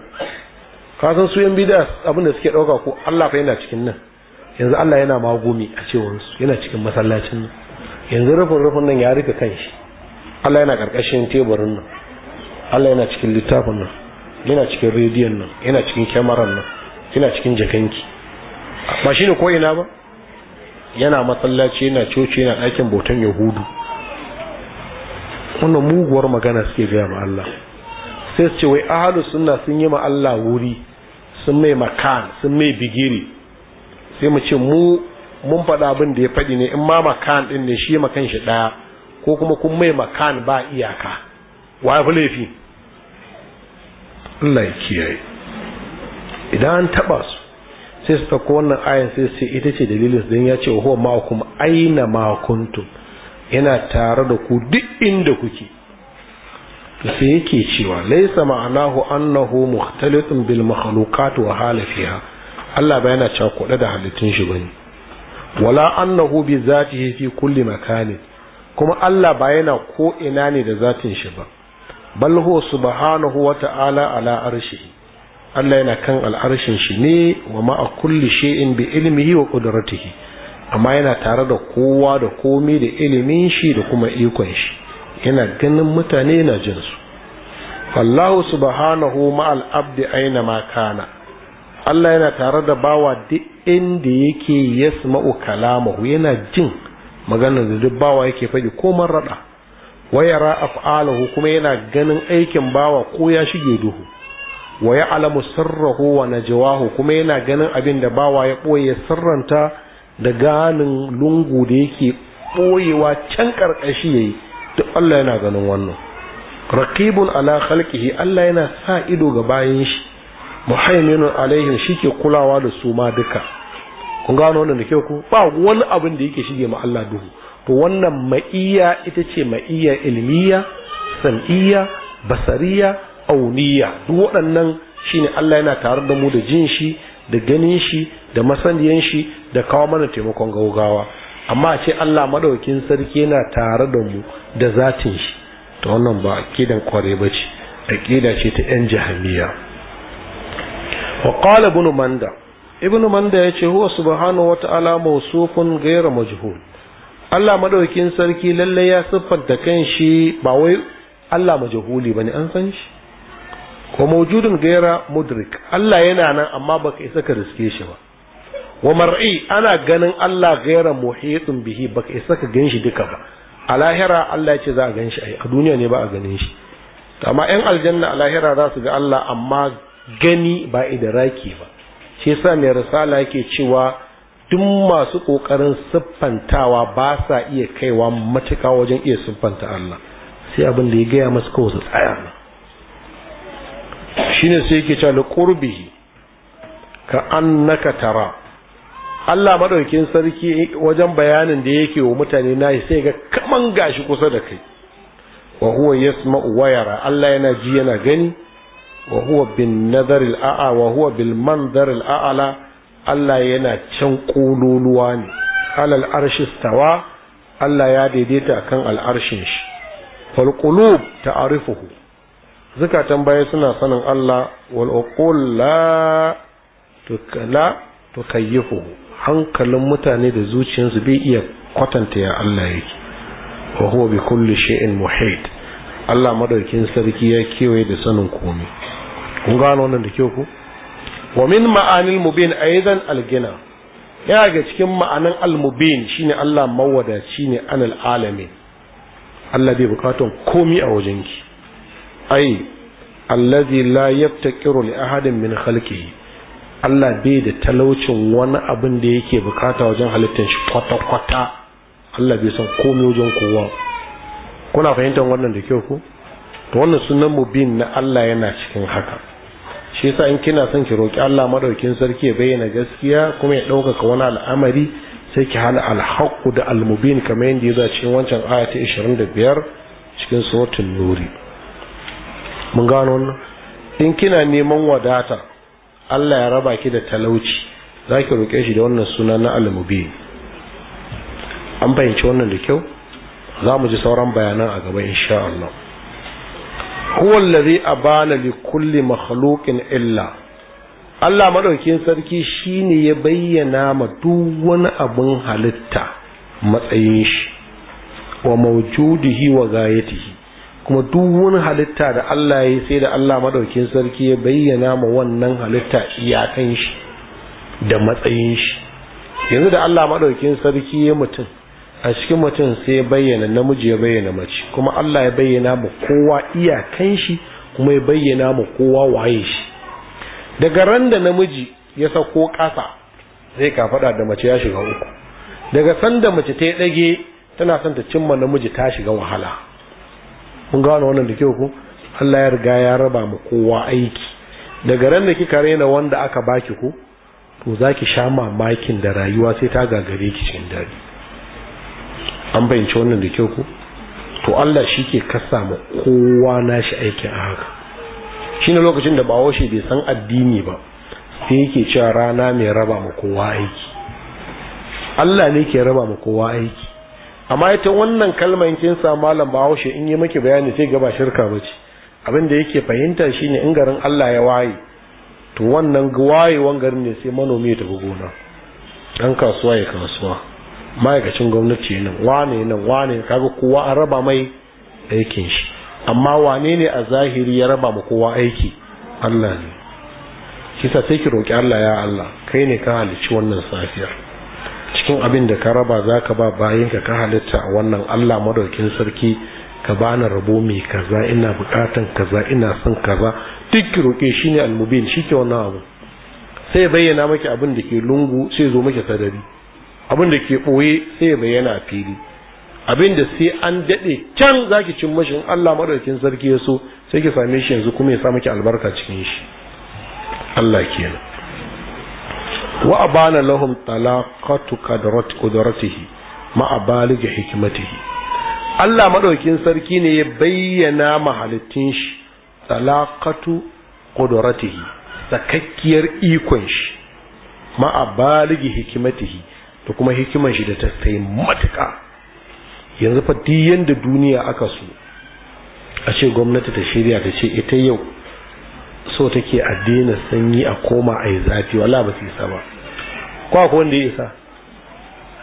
ka san su yan bid'a abin da suke dauka ko Allah fa yana cikin nan yanzu Allah yana magumi a cewar su yana cikin masallacin nan yanzu rufin rufin nan ya rufe kan shi Allah yana karkashin teburin nan Allah yana cikin littafin nan yana cikin rediyon nan yana cikin kyamaran nan yana cikin jakanki ba shi ne ko'ina ba yana matsalaci yana coci yana ɗakin bautan yahudu wannan muguwar magana suke gaya ma Allah sai su ce wai ahalu sunna sun yi ma Allah wuri sun mai makan sun mai bigiri sai mu ce mu mun faɗa abin da ya faɗi ne in ma makan ɗin ne shi makan shi ɗaya ko kuma kun mai makan ba iyaka wa fi laifi Allah ya kiyaye idan an taɓa su sai su ɗauko wannan ayan sai sai ita ce dalilin don ya ce wa huwa ma'akum aina ma yana tare da ku duk inda kuke to sai yake cewa laisa ma'anahu annahu muhtalitun bil makhluqat wa halafiha Allah ba yana kuɗa da halittun shi bane wala annahu bi zatihi fi kulli makani kuma Allah ba yana ko ina ne da zatin shi ba bal huwa subhanahu wa ta'ala ala arshihi Allah yana kan al'arshin shi ne wa ma'a kulli shay'in bi ilmihi wa qudratihi amma yana tare da kowa da komai da ilimin shi da kuma ikon shi yana ganin mutane yana jin su subhanahu ma'al abdi aina ma kana Allah yana tare da bawa duk inda yake yasma'u kalamahu yana jin maganar da duk bawa yake faɗi ko man raɗa wa yara af'alahu kuma yana ganin aikin bawa ko ya shige duhu wa ya'lamu sirruhu wa najwahu kuma yana ganin abin da bawa ya boye sirranta da ganin lungu da yake boyewa can karkashi yayi duk Allah yana ganin wannan raqibun ala khalqihi Allah yana sa ido ga bayan shi muhaiminun alaihim shi ke kulawa da su ma duka kun gano wannan da kyau ku ba wani abin da yake shige ma Allah duhu to wannan ma'iyya ita ce ma'iyya ilmiya sam'iyya basariya auniya duk waɗannan shine Allah yana tare da mu da jin shi da ganin shi da masaniyan shi da kawo mana taimakon gaugawa amma a ce Allah madaukin sarki yana tare da mu da zatin shi to wannan ba akidan kware bace akida ce ta yan jahiliya wa qala ibn manda ibn manda yace huwa subhanahu wa ta'ala mawsufun ghayra majhul Allah maɗaukin sarki lallai ya siffanta kanshi ba wai Allah majhuli bane an san shi wa mawjudun ghayra mudrik Allah yana nan amma baka isa ka riske shi ba Wamar'i ana ganin Allah ghayra muhitun bihi baka isa ka ganshi duka ba a lahira Allah yace za a ganshi ai a duniya ne ba a ganin shi amma yan aljanna a lahira za su ga Allah amma gani ba idaraki ba shi yasa mai risala yake cewa duk masu kokarin siffantawa ba sa iya kaiwa matuka wajen iya siffanta Allah sai abin da ya gaya masu kawai su tsaya nan shine sai yake cewa liqurbihi ka annaka tara Allah madaukin sarki wajen bayanin da yake wa mutane nayi sai ga kaman gashi kusa da kai wa huwa yasma'u wa yara Allah yana ji yana gani wa huwa bin nazar al'a wa huwa bil manzar al'ala Allah yana can kololuwa ne alal arshi stawa Allah ya daidaita a kan al'arshin shi fal qulub ta'rifuhu zukatan baya suna sanin Allah wal uqul la tukala tukayyifuhu hankalin mutane da zuciyarsu bai iya kwatanta ya Allah yake wa huwa bi kulli shay'in muhid, Allah madaukin sarki ya kewaye da sanin komai kun gano wannan da kyau ku wa min ma'anil mubin aidan algina yana ga cikin ma'anan almubin shine Allah mawadaci ne anal alamin Allah bai bukatun komi a wajenki ai allazi la yaftakiru li ahadin min khalqihi Allah bai da talaucin wani abin da yake bukata wajen halittar shi kwata-kwata Allah bai san komai wajen kowa kuna fahimtar wannan da kyau ku to wannan sunan mubin na Allah yana cikin haka shi yasa in kina son ki roki Allah madaukin sarki ya bayyana gaskiya kuma ya ɗaukaka wani al'amari sai ki hana al-haqqu da al-mubin kamar da ya zace wancan aya ta 25 cikin suratul nuri mun gano wannan in kina neman wadata Allah ya raba ki da talauci zaki roke shi da wannan suna na al-mubin an fahimci wannan da kyau za mu ji sauran bayanan a gaba insha Allah huwa allazi a li kulli makhluqin illa Allah maɗaukin sarki shi ne ya bayyana ma duk wani abin halitta matsayin shi wa mawjudihi wa gayatihi kuma duk wani halitta da Allah ya yi sai da Allah maɗaukin sarki ya bayyana ma wannan halitta iyakan shi da matsayin shi yanzu da Allah maɗaukin sarki ya mutum a cikin mutum sai ya bayyana namiji ya bayyana mace kuma Allah ya bayyana mu kowa iyakan shi kuma ya bayyana mu kowa waye shi daga ran da namiji ya sako kasa zai ka fada da mace ya shiga uku daga sanda mace ta ɗage tana son ta cimma namiji ta shiga wahala kun gano wannan da kyau ku Allah ya riga ya raba mu kowa aiki daga ran da kika rena wanda aka baki ku to zaki sha mamakin da rayuwa sai ta gagare ki cikin dare. an bayyance wannan da kyau ko to Allah shi ke kasa ma kowa nashi aiki a haka Shi shine lokacin da shi bai san addini ba sai yake cewa rana mai raba ma kowa aiki Allah ne ke raba ma kowa aiki amma ita wannan kalmar kin sa malam shi in yi maki bayani sai gaba shirka bace abin da yake fahimta shine in garin Allah ya waye to wannan wayewan garin ne sai manomi ya tafi gona dan kasuwa ya kasuwa ma'aikacin gwamnati nan wane nan wane kaga kowa an raba mai aikin shi amma wane ne a zahiri ya raba ma kowa aiki Allah ne kisa sai ki roki Allah ya Allah kai ne ka halicci wannan safiyar cikin abin da ka raba zaka ba bayan ka ka halitta a wannan Allah madaukin sarki ka bani rabo mai kaza ina bukatan kaza ina son kaza duk ki roke shi ne almubin shi ke wannan abu sai bayyana maki abin da ke lungu sai zo maki sadari abin da ke ɓoye sai ya bayyana fili abin da sai an daɗe can za ki cin mashin Allah maɗaukin sarki ya so sai ki same shi yanzu kuma ya sa miki albarka cikin shi Allah kenan wa abana lahum talaqatu qadrat qudratihi ma hikmatihi Allah maɗaukin sarki ne ya bayyana mahalittin shi talaqatu qudratihi sakakkiyar ikon shi ma abalig hikmatihi Da kuma hikimar shi da ta kai matuka yanzu fa yanda duniya aka so a ce gwamnati ta shirya ta ce ita yau so take a daina sanyi a koma a yi zafi wala ba su isa ba ko wanda ya isa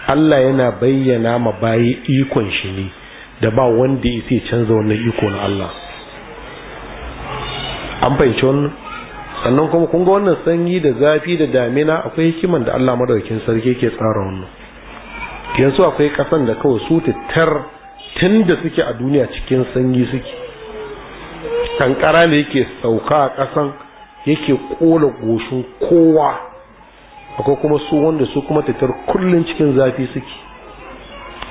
Allah yana bayyana ma bayi ikon shi ne da ba wanda ya ce canza wannan iko na Allah an fahimci wannan sannan kuma kun ga wannan sanyi da zafi da damina akwai hikiman da Allah madaukakin sarki ke tsara wannan yanzu akwai kasan da kawai su tattar tunda da suke a duniya cikin sanyi suke kankara ne yake sauka a kasan yake kola goshin kowa akwai kuma su wanda su kuma tattar kullun cikin zafi suke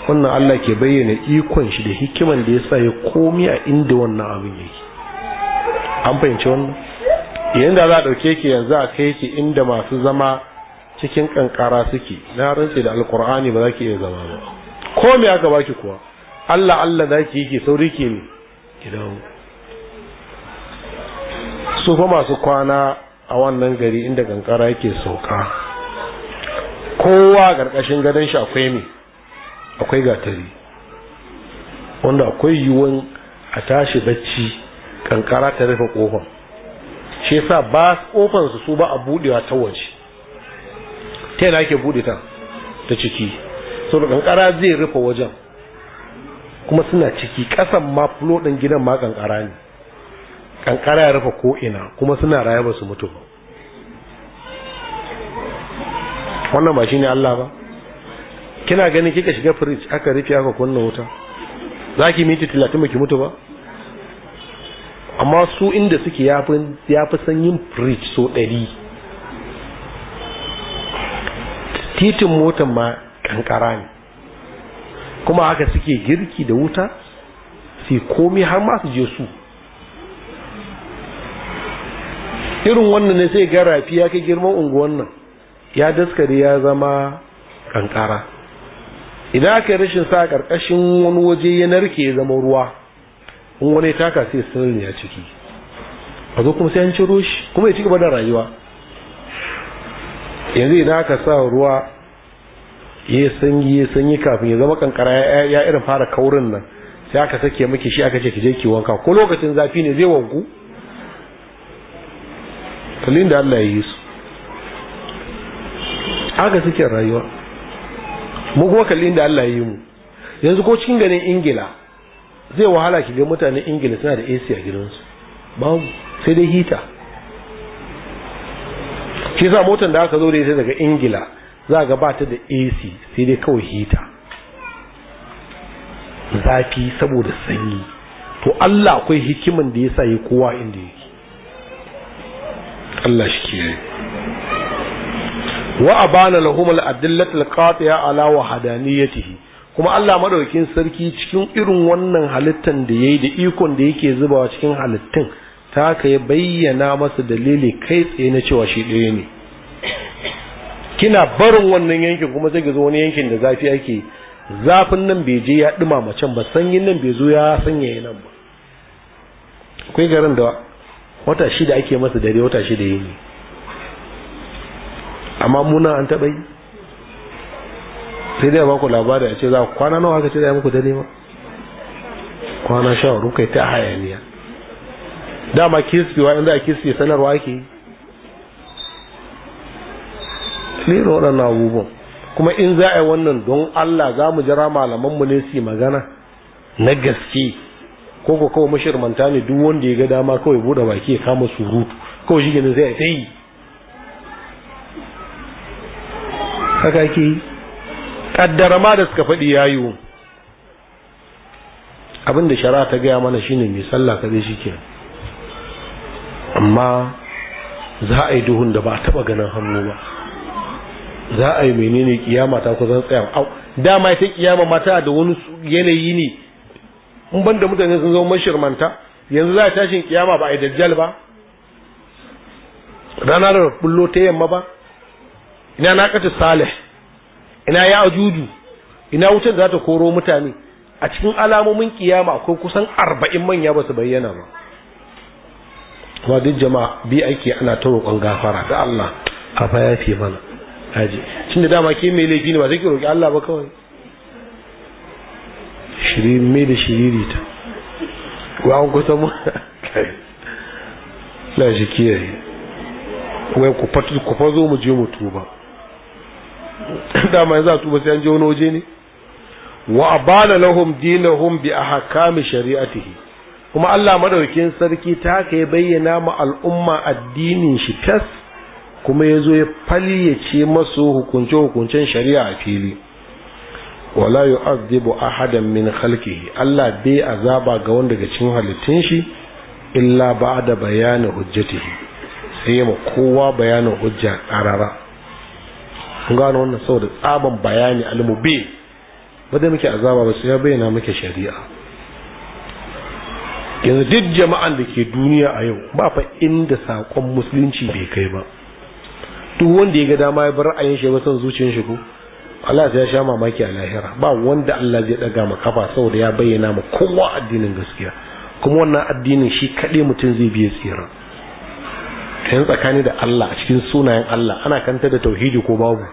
wannan Allah ke bayyana ikon shi da hikiman da ya sa ya komi a inda wannan abin yake an fahimci wannan idan da za a ɗauke ki yanzu a kai ki inda masu zama cikin kankara suke na rantse da alkur'ani ba za ki iya zama ba ko me aka baki kuwa Allah Allah za ki yi ki sauri ki ne ki dawo su fa masu kwana a wannan gari inda kankara yake sauka kowa ƙarƙashin gadon shi akwai me akwai gatari wanda akwai yiwuwan a tashi bacci ƙanƙara ta rufe kofar shi yasa ba kofan su su ba a budewa ta waje ta yana yake bude ta ta ciki sau da kankara zai rufe wajen kuma suna ciki kasan ma fulo din gidan ma kankara ne kankara ya rufe ko ina kuma suna raye ba su mutu ba wannan ba shine Allah ba kina ganin kika shiga fridge aka rufe aka kunna wuta zaki miti 30 ki mutu ba amma su inda suke ya fi sanyin preach so ɗari titin motan ma kankara ne kuma haka suke girki da wuta sai komi har masu su je su irin wannan ne sai ga rafi ya kai girman unguwan nan ya daskare ya zama ƙanƙara. idan aka yi rashin sa ƙarƙashin wani waje ya narke ya zama ruwa in wani taka sai sirri a ciki a zo kuma sai an ciro shi kuma ya ci gaba da rayuwa yanzu idan aka sa ruwa ya sanyi ya sanyi kafin ya zama kankara ya irin fara kaurin nan sai aka sake miki shi aka ce ki je ki wanka ko lokacin zafi ne zai wanku kalin da Allah ya yi su aka suke rayuwa mu kuma kalin da Allah ya yi mu yanzu ko cikin ganin ingila zai wahala ki ga mutanen ingila suna da ac a gidansu babu sai dai hita shi sa motar da aka zo da ita daga ingila za ga ba ta da ac sai dai kawai hita zafi saboda sanyi to allah akwai hikiman da ya sa yi kowa inda yake allah shi kiyaye wa abana lahumul adillatul qatia ala wahdaniyatihi kuma Allah madaukakin sarki cikin irin wannan halittan da yayi da ikon da yake zubawa cikin halittun ta ka ya bayyana masa dalili kai tsaye na cewa shi ɗaya ne kina barin wannan yankin kuma sai ka zo wani yankin da zafi ake zafin nan bai je ya dima can ba sanyin nan bai zo ya sanyaya nan ba akwai garin da wata shida ake masa dare wata shida yayi amma muna an taɓa yi sai dai ba ku labari a ce za ku kwana nawa haka ce zai muku dare ba kwana sha wa kai ta hayaniya dama wa inda a sanarwa ake yi lera waɗannan abubuwan kuma in za a yi wannan don Allah za mu jira mu ne su magana na gaske ko ko kawai mashirmanta ne duk wanda ya ga dama kawai buɗe baki ya kama surutu kawai shi gani zai a tsayi haka ke yi kaddara ma da suka faɗi yayu abin da shari'a ta gaya mana shine mai sallah ka zai shike amma za a yi duhun da ba a taba ganin hannu ba za a yi menene kiyama ta zan tsaya au dama ita kiyama mata da wani yanayi ne in banda mutane sun zama mashirmanta yanzu za a tashin kiyama ba a yi dajjal ba rana da bullo ta yamma ba ina na kata salih ina ya ajuju ina wutar da za ta koro mutane a cikin alamomin kiyama akwai kusan arba'in manya ba su bayyana ba kuma duk jama'a bi ake ana ta roƙon gafara da Allah a fa fi mana haji cin da dama ke mai laifi ne ba zai ki roƙi Allah ba kawai shiri mai da shiriri ta wa an kusa mu la shi kiyaye wai ku fazo mu je mu tuba Da <coughs> dama yanzu a tuba sai an je wani waje ne wa abana lahum dinahum bi ahkami shari'atihi kuma Allah madaukin sarki ta haka ya bayyana ma al'umma addinin shi tas kuma ya zo ya falyace masu hukunce-hukuncen shari'a a fili wala yu'adhibu ahadan min khalqihi Allah bai azaba ga wanda daga cikin halittun shi illa ba'da bayanin hujjatihi sai ma kowa bayanin hujja ƙarara. kun gano wannan saboda tsaban bayani almubi ba dai muke azaba ba sai ya bayyana muke shari'a yanzu duk jama'an da ke duniya a yau ba fa inda sakon musulunci bai kai ba duk wanda ya ga dama ya bar ra'ayin shi ba san zuciyar shi ko Allah ya sha mamaki a lahira ba wanda Allah zai daga ma kafa saboda ya bayyana ma kowa addinin gaskiya kuma wannan addinin shi kaɗai mutum zai biya tsira kan tsakani da Allah a cikin sunayen Allah ana kanta da tauhidi ko babu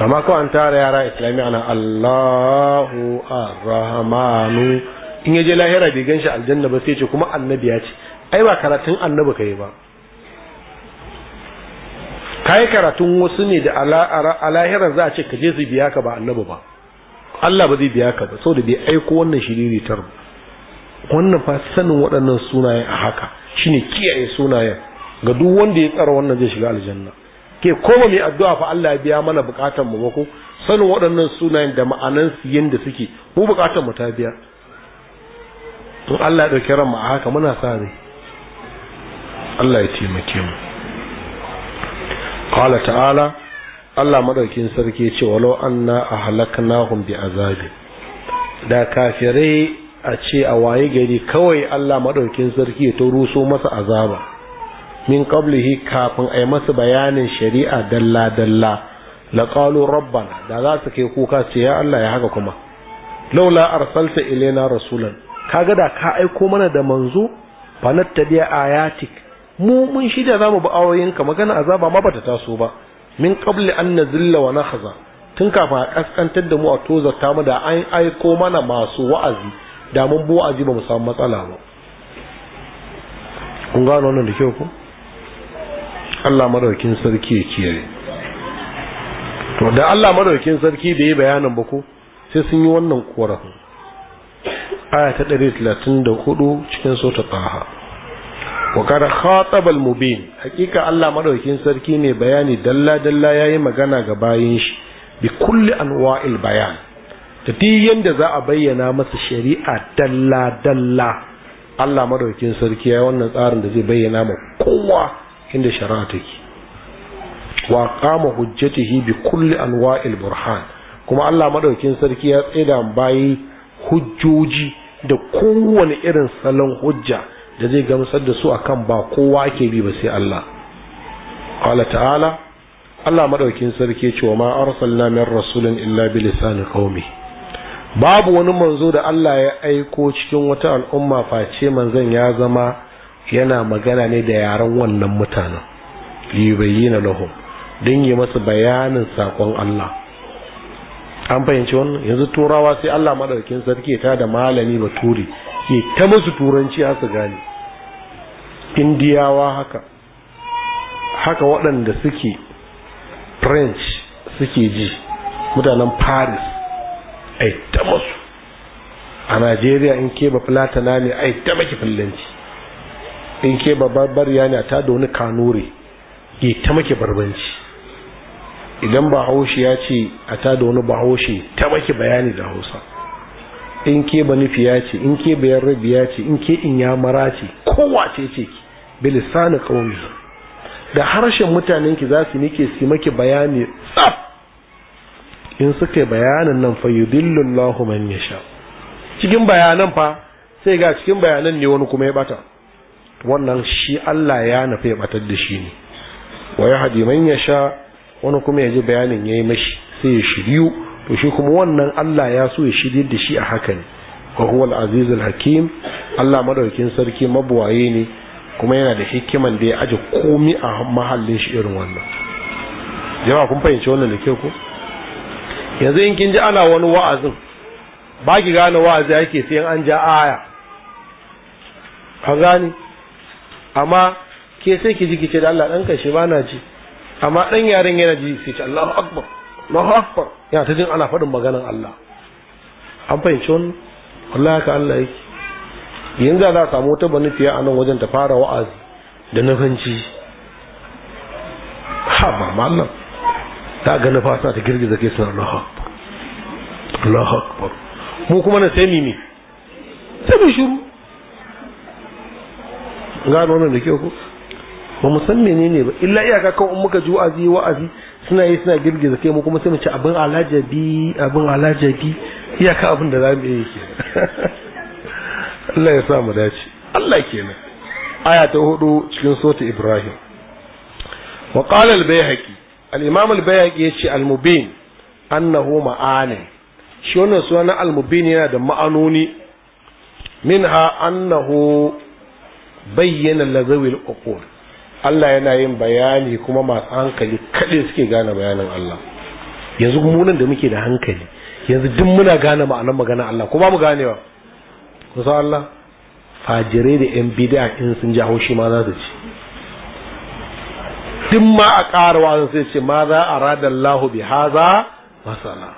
amma ko an tara yara islami ana Allahu arrahmanu in yaje lahira bai ganshi aljanna ba sai ce kuma annabi ya ce ai ba karatun annabi kai ba kai karatun wasu ne da a lahira za a ce ka je su biya ka ba annabi ba Allah ba zai biya ka ba saboda bai aiko wannan shiriritar ba wannan fa sanin waɗannan sunayen a haka shine kiyaye sunayen ga duk wanda ya tsara wannan zai shiga aljanna ke koma mai addu'a fa Allah ya biya mana bukatar mu ko sanin waɗannan sunayen da ma'anan su yanda suke ko bukatar mu ta biya to Allah ya dauke ranmu a haka muna sa rai Allah ya taimake mu qala ta'ala Allah madaukin sarki ya ce walau anna ahlaknahum bi azabi da kafirai a ce a waye gari kawai Allah maɗaukin sarki ya ruso masa azaba min qablihi kafin a yi masa bayanin shari'a dalla dalla la qalu rabbana da za su kai kuka ce ya Allah ya haka kuma laula arsalta ilaina rasulan kaga da ka aiko mana da manzo fanattabi'a ayatik mu mun shida zamu bi ka magana azaba ma bata taso ba min qabli an nazilla wa nahza tun kafin a kaskantar da mu a ta mu da an aiko mana masu wa'azi da mun bo aji ba mu samu matsala ba kun gano wannan da kyau ko Allah madaukin sarki ya kiyaye to da Allah madaukin sarki da yi bayanin ba ko sai sun yi wannan korafin aya ta 134 cikin sota taha wa kada khatabal mubin hakika Allah madaukin sarki ne bayani dalla dalla yayi magana ga bayin shi bi kulli anwa'il bayan ti yanda za a bayyana masa shari'a dalla dalla Allah madaukin sarki ya wannan tsarin da zai bayyana ma kowa inda shari'a take wa qama hujjatihi bi kulli anwa'il burhan kuma Allah madaukin sarki ya tsida bayi hujjoji da kowane irin salon hujja da zai gamsar da su akan ba kowa ke bi ba sai Allah qala ta'ala Allah madaukin sarki ya ce wa ma arsalna min rasulin illa bi lisan qaumihi babu wani manzo da Allah ya aiko cikin wata al'umma face manzon ya zama yana magana ne da yaren wannan mutanen liyubayyana lahum din yi masu bayanin sakon Allah an fahimci wannan yanzu turawa sai Allah madaukin sarki ta da malami bature ke ta musu turanci su gane indiyawa haka haka waɗanda suke french suke ji mutanen paris ai ta masu a najeriya in ke ba platana ne ai ta maki fillanci in ke ba barbariya ne a ta da wani kanure ke ta maki barbanci idan bahaushe ya ce a ta da wani bahaushe ta maki bayani da hausa in ke ba nufi ya ce in ke bayan rabi ya ce in ke in ya mara ce kowace ce ki bilisani kawai da harshen mutanen ki za su nike su maki bayani tsaf in suka bayanan nan fa yudillu Allahu man yasha cikin bayanan fa sai ga cikin bayanan ne wani kuma ya bata wannan shi Allah ya nafi ya batar da shi ne wa yahdi man yasha wani kuma ya ji bayanin yayi mashi sai ya shiryu to shi kuma wannan Allah ya so ya shiryar da shi a haka ne wa huwa al-aziz al-hakim Allah madaukin sarki mabuwaye ne kuma yana da hikiman da ya aje komi a mahallin shi irin wannan jama'a kun fahimci wannan da ke ku yanzu in kin ji ana wani wa'azin ba ki gane wa'azi ake sai an ja aya A gani amma ke sai ki ji ki ce da Allah ɗan kashe ba na ji amma ɗan yaren yana ji sai ce "Allah akbar Allahu akbar yana ta jin ana faɗin maganar Allah an fahimci wannan wallahi ka Allah yake yanzu za a samu wata banufiya a nan wajen ta fara wa'azi da nufanci ha ba mallam ta ga na fasa ta girgiza kai suna Allah akbar Allah akbar mu kuma na sai mimi sai mu shiru gano wannan da ke ku ba mu san menene ba illa iyaka kan in muka ji wa'azi wa'azi suna yi suna girgiza kai mu kuma sai mu ci abin alajabi abin alajabi iyaka abin da za mu yi ke <laughs> Allah ya sa mu dace Allah kenan aya ta hudu cikin sota Ibrahim wa qala al-bayhaqi al-imam al-bayhaqi yace al-mubin annahu ma'ani shi sunan al-mubin yana da ma'anoni minha annahu bayyana lazawil uqul Allah yana yin bayani kuma masu hankali kaɗai suke gane bayanin Allah yanzu mu nan da muke da hankali yanzu duk muna gane ma'anar magana Allah ba mu gane ko kusa Allah fajirai da yan bid'a in sun ji haushi ma za su ci duk ma a ƙara wa'azin sai ce ma za a radar lahu bi haza masala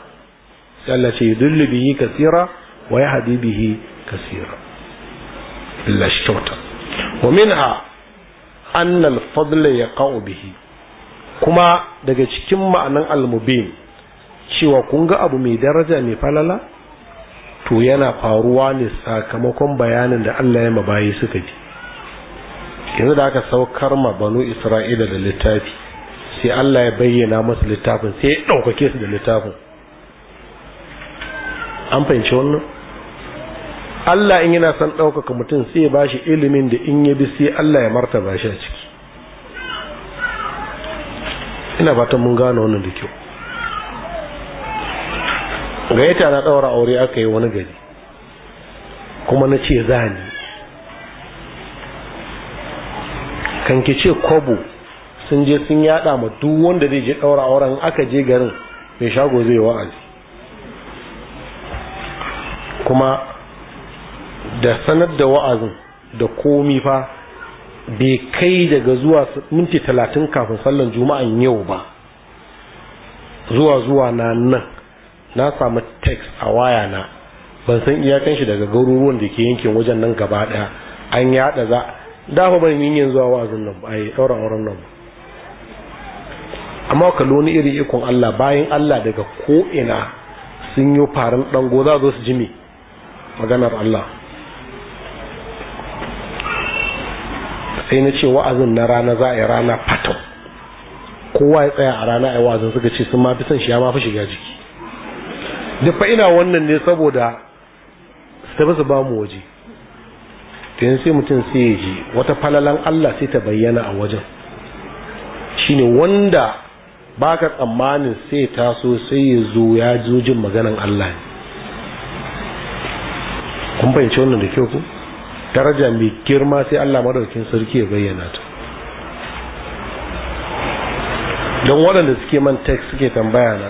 yalla ce yudullu bihi kasira wa ya hadi bihi kasira illa shi kyauta wa minha anna al-fadla bihi kuma daga cikin ma'anan al-mubin cewa kun ga abu mai daraja mai falala to yana faruwa ne sakamakon bayanin da Allah ya mabayi suka ji yanzu da aka saukar ma banu isra'ila da littafi sai Allah ya bayyana masu littafin sai ya ɗaukake su da littafin an fahimci wannan Allah in yana son ɗaukaka mutum sai ya bashi ilimin da in ya bi sai Allah ya martaba shi a ciki ina fatan mun gano wannan da kyau Gaita na ɗaura aure aka yi wani gari kuma na ce za ni kan ki ce kwabo sun je sun yada ma duk wanda zai je daura auren aka je garin mai shago zai wa'azi kuma da sanar da wa'azin da komi fa bai kai daga zuwa minti talatin kafin sallan juma'an yau ba zuwa zuwa na nan na samu text a waya na ban san iyakan shi daga garuruwan da ke yankin wajen nan gaba daya an yada za da ba ban yin yanzu a wa'azin nan a yi auren nan amma ka loni iri ikon Allah bayan Allah daga ko'ina sun yi farin ɗan goza zo su ji me maganar Allah sai na ce wa'azin na rana za a yi rana fatau kowa ya tsaya a rana a yi wa'azin suka ce sun mafi son shi ya mafi shiga jiki duk fa ina wannan ne saboda su tafi su ba mu waje to yanzu sai mutum sai ya ji wata falalan Allah sai ta bayyana a wajen shine wanda baka tsammanin sai taso sai ya zo ya zo jin maganan Allah ne kun fahimci wannan da kyau ku daraja mai girma sai Allah madaukin sarki ya bayyana ta don waɗanda suke man text suke tambaya na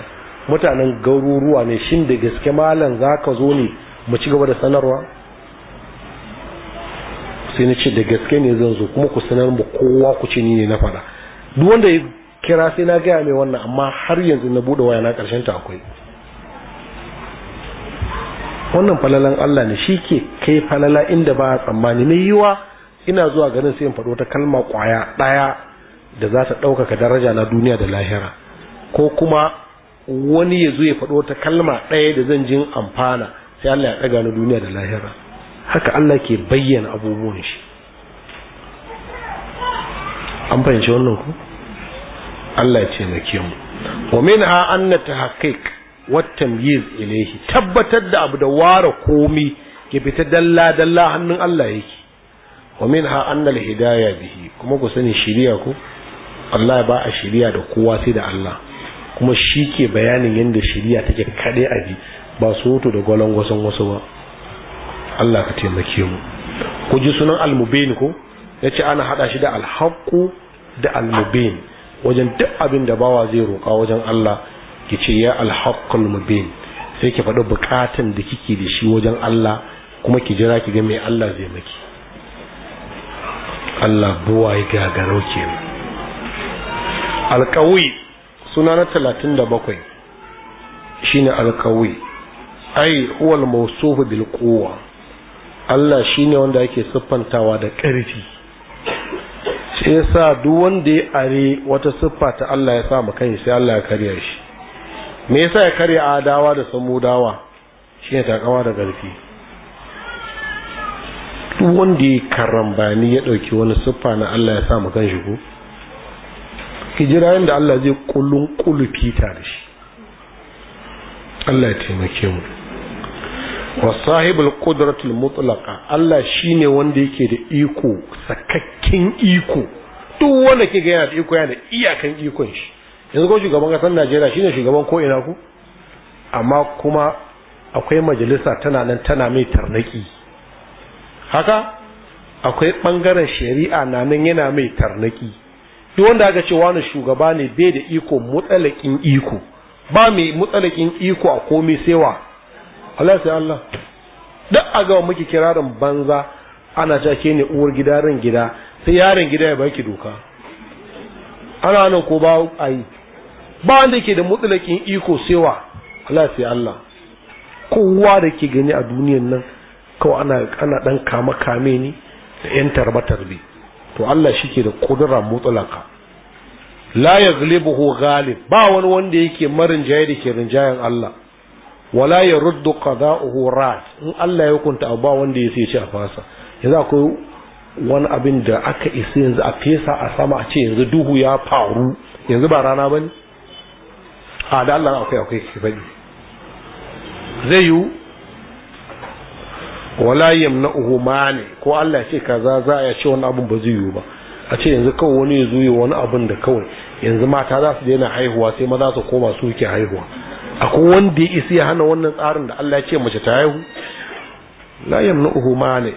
mutanen garuruwa ne shin da gaske malam zaka zo ne mu ci gaba da sanarwa sai na ce da gaske ne zan zo kuma ku sanar mu kowa ku ce ni ne na faɗa duk wanda ya kira sai na gaya mai wannan amma har yanzu na bude waya na ƙarshen ta akwai wannan falalan Allah ne shi ke kai falala inda ba a tsammani mai yiwa ina zuwa ganin sai in faɗo ta kalma ƙwaya ɗaya da za ta ɗaukaka daraja na duniya da lahira ko kuma wani ya zo ya faɗo ta kalma ɗaya da zan jin amfana sai Allah ya ɗaga na duniya da lahira haka Allah ke bayyana abubuwan shi an fahimci wannan ku Allah ya ce ke mu wa ha annata tahqiq wa tamyiz ilayhi tabbatar da abu da wara komi ya fita dalla dalla hannun Allah yake wa ha anna al hidaya bihi kuma ku sani shiriya ku Allah ba a shiriya da kowa sai da Allah kuma shi ke bayanin yadda shiriya take kaɗai a ji ba su hutu da gwalon wasan wasu ba Allah ka taimake mu ku ji sunan almubin ko yace ana hada shi da alhaqu da almubin wajen duk abin da bawa zai roƙa wajen Allah ki ce ya alhaqul mubin sai ki faɗi bukatun da kike da shi wajen Allah kuma ki jira ki ga mai Allah zai maki Allah buwa ya gagarau ke alƙawi suna na talatin da bakwai shine alƙawi ai huwal mawsufu bil quwwa Allah shi ne wanda yake siffantawa da ƙarfi shi sa duk wanda ya are wata siffa ta Allah ya sa mu kai sai Allah ya karya shi me yasa ya karya adawa da samudawa shine takawa da ƙarfi duk wanda ya karambani ya ɗauki wani siffa na Allah ya sa mu kan shi ko ki jira da Allah zai kullun kulufi ta da shi Allah ya taimake mu wa sahibul qudratul mutlaqa Allah shine wanda yake da iko sakakken iko duk wanda ke yana da iko yana da iyakan ikon shi yanzu ko shugaban kasar Najeriya shine shugaban ko ina ku amma kuma akwai majalisa tana nan tana mai tarnaki haka akwai bangaren shari'a na nan yana mai tarnaki duk wanda aka ce wani shugaba ne bai da iko mutsalakin iko ba mai mutsalakin iko a komai sai wa Allah sai Allah duk a ga muke kirarin banza ana cewa ke ne uwar gida ran gida sai yaron gida ya baki doka ana nan ko ba a yi ba wanda ke da mutsulakin iko sewa Allah sai Allah kowa da ke gani a duniyan nan kawai ana ana dan kama kame ni da yan tarba tarbi to Allah shi ke da kudura mutsulaka la yaghlibuhu ghalib ba wani wanda yake marin jaye da ke rinjayen Allah wala ya ruddu qada'uhu rat in Allah ya hukunta abu wanda ya sai ce a fasa yanzu akwai wani abin da aka isa yanzu a fesa a sama a ce yanzu duhu ya faru yanzu ba rana bane a da Allah akwai akwai ke faɗi zai yi wala yamna'uhu mani ko Allah ya ce kaza za a ce wani abin ba zai yi ba a ce yanzu kawai wani ya zuye wani abin da kawai yanzu mata za su daina haihuwa sai maza su koma su ke haihuwa akwai wanda ya isa ya hana wannan tsarin da Allah ya ce mace ta haihu la yamnuhu mani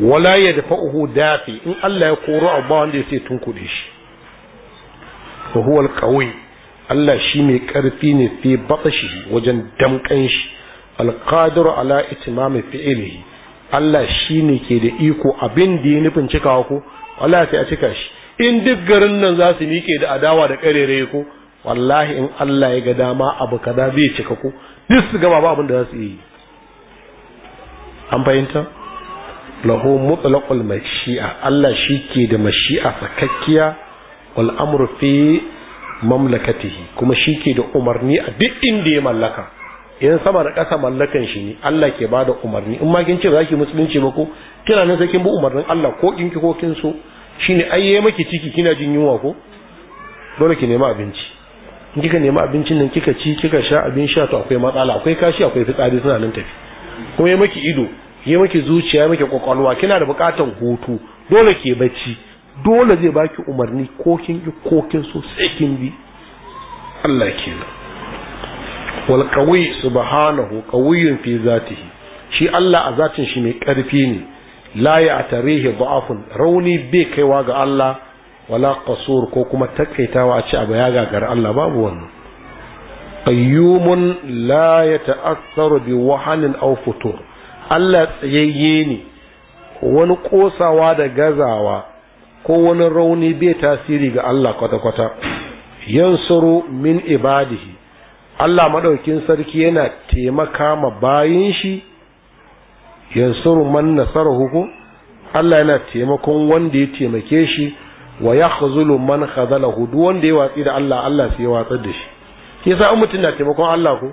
wala yadfa'uhu dafi in Allah ya koro abu wanda ya sai tunkude shi wa huwa alqawi Allah shi mai karfi ne fi batshi wajen damkan shi alqadir ala itmami fi'lihi Allah shi ne ke da iko abin da ya nufin cikawa ko Allah sai a cika shi in duk garin nan za su miƙe da adawa da ƙarere ko wallahi in Allah ya ga dama abu kaza zai cika ko duk su gaba ba abin da za su yi an fahimta lahu mutlaqul mashi'a Allah shi ke da mashi'a sakakkiya wal amru fi mamlakatihi kuma shi ke da umarni a duk inda ya mallaka idan sama da ƙasa mallakan shi ne Allah ke bada umarni in ma kin ce za ki musulunci ba ko kina nan sai kin bi umarnin Allah ko kin ki ko kin so shine ai yayi maki ciki kina jin yunwa ko dole ki nema abinci in kika nemi abincin nan kika ci kika sha abin sha to akwai matsala akwai kashi akwai fitsari suna nan tafi kuma ya maki ido ya maki zuciya ya maki kwakwalwa kina da bukatan hutu dole ke bacci dole zai baki umarni ko kin ki ko kin so sai kin bi Allah ke kenan wal qawi subhanahu qawiyyun fi zatihi shi Allah a zatin shi mai karfi ne la ya atarihi da'afun rauni bai kaiwa ga Allah wala qasur ko kuma takaitawa a ce abu ya gagar Allah babu wannan qayyumun la yata'assaru bi wahalin aw futur Allah tsayayye ne wani kosawa da gazawa ko wani rauni bai tasiri ga Allah kwata-kwata yansuru min ibadihi Allah madaukin sarki yana taimaka ma bayin shi yansuru man nasaruhu Allah yana taimakon wanda ya taimake shi wa yakhzulu man khazalahu duk wanda ya watsi da Allah Allah sai ya watsar da shi ke sa mutum na taimakon Allah ko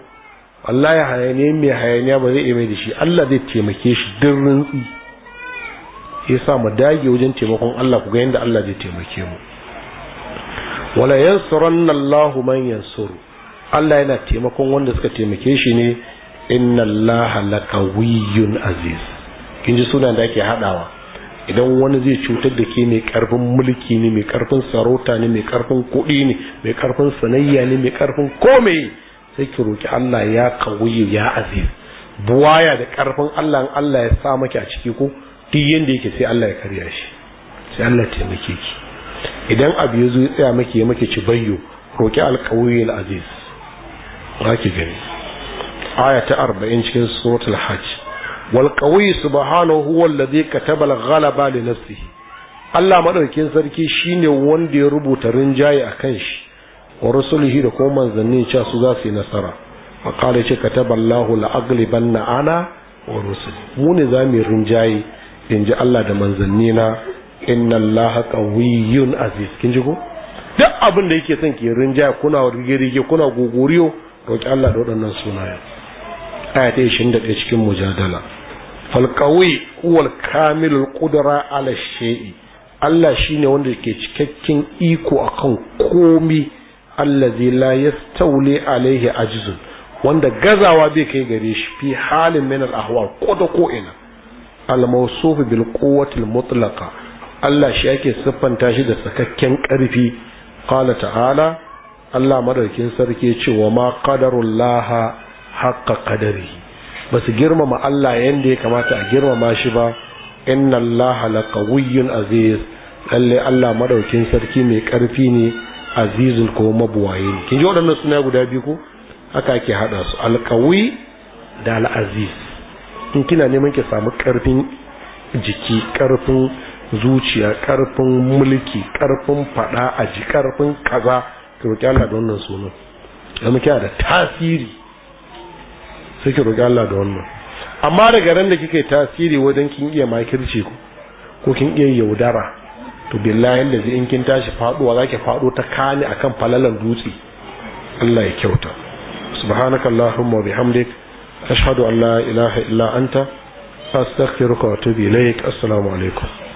Allah ya hayaniya mai hayaniya ba zai iya da shi Allah zai taimake shi duk rintsi ya sa mu dage wajen taimakon Allah ku ga yanda Allah zai taimake mu wala yansuranna Allah man yansuru Allah yana taimakon wanda suka taimake shi ne inna Allah lakawiyyun aziz kin ji sunan da ake hadawa idan wani zai cutar da ke mai karfin mulki ne mai karfin sarauta ne mai karfin kuɗi ne mai karfin sanayya ne mai karfin kome sai ki roki Allah ya kawuye ya aziz buwaya da karfin Allah Allah ya sa maki a ciki ko duk yanda yake sai Allah ya karya shi sai Allah taimake ki idan abu ya zo ya tsaya maki ya maki ci bayyo roki alkawuye aziz za ki gani aya ta 40 cikin suratul hajj wal qawi subhanahu huwa alladhi kataba al ghalaba li nafsihi Allah maɗaukin sarki shine wanda ya rubuta rinjaye akan shi wa rusulihi da kuma manzanni cewa su za su yi nasara wa qala ce kataba Allahu la aglibanna ana wa rusuli mu ne za mu rinjaye in ji Allah da manzanni na inna Allah qawiyyun aziz kin ji ko duk abin da yake son ki rinjaya kuna rige-rige kuna gogoriyo roki Allah da waɗannan sunayen aya 21 cikin mujadala Falkawai uwal kamilul kudura ala shi'i Allah shine wanda ke cikakken iko akan komi zai la yastawli alaihi ajzun wanda gazawa bai kai gare shi fi halin minar al ahwal ko da ko ina al bil quwwati mutlaqa Allah shi yake siffanta shi da sakakken karfi qala ta'ala Allah madaukin sarki ya cewa ma qadarullah haqqa qadarihi ba su girmama Allah yadda ya kamata a girmama shi ba inna Allah la qawiyyun aziz lalle Allah madaukin sarki mai karfi ne azizul ko mabuwaye ne kin ji waɗannan suna guda biyu ko haka ake hada su alqawi da al-aziz in kina neman ki samu karfin jiki karfin zuciya karfin mulki karfin fada a ji karfin kaza ki roki Allah da wannan sunan da muke da tasiri sai ki Allah da wannan amma daga ran da kike tasiri wajen kin iya makirci ku ko kin iya yaudara to billahi da in kin tashi faduwa zaki fado ta kani akan falalan dutse Allah ya kyauta subhanakallahumma wa bihamdik ashhadu an la ilaha illa anta astaghfiruka wa atubu ilaik assalamu alaikum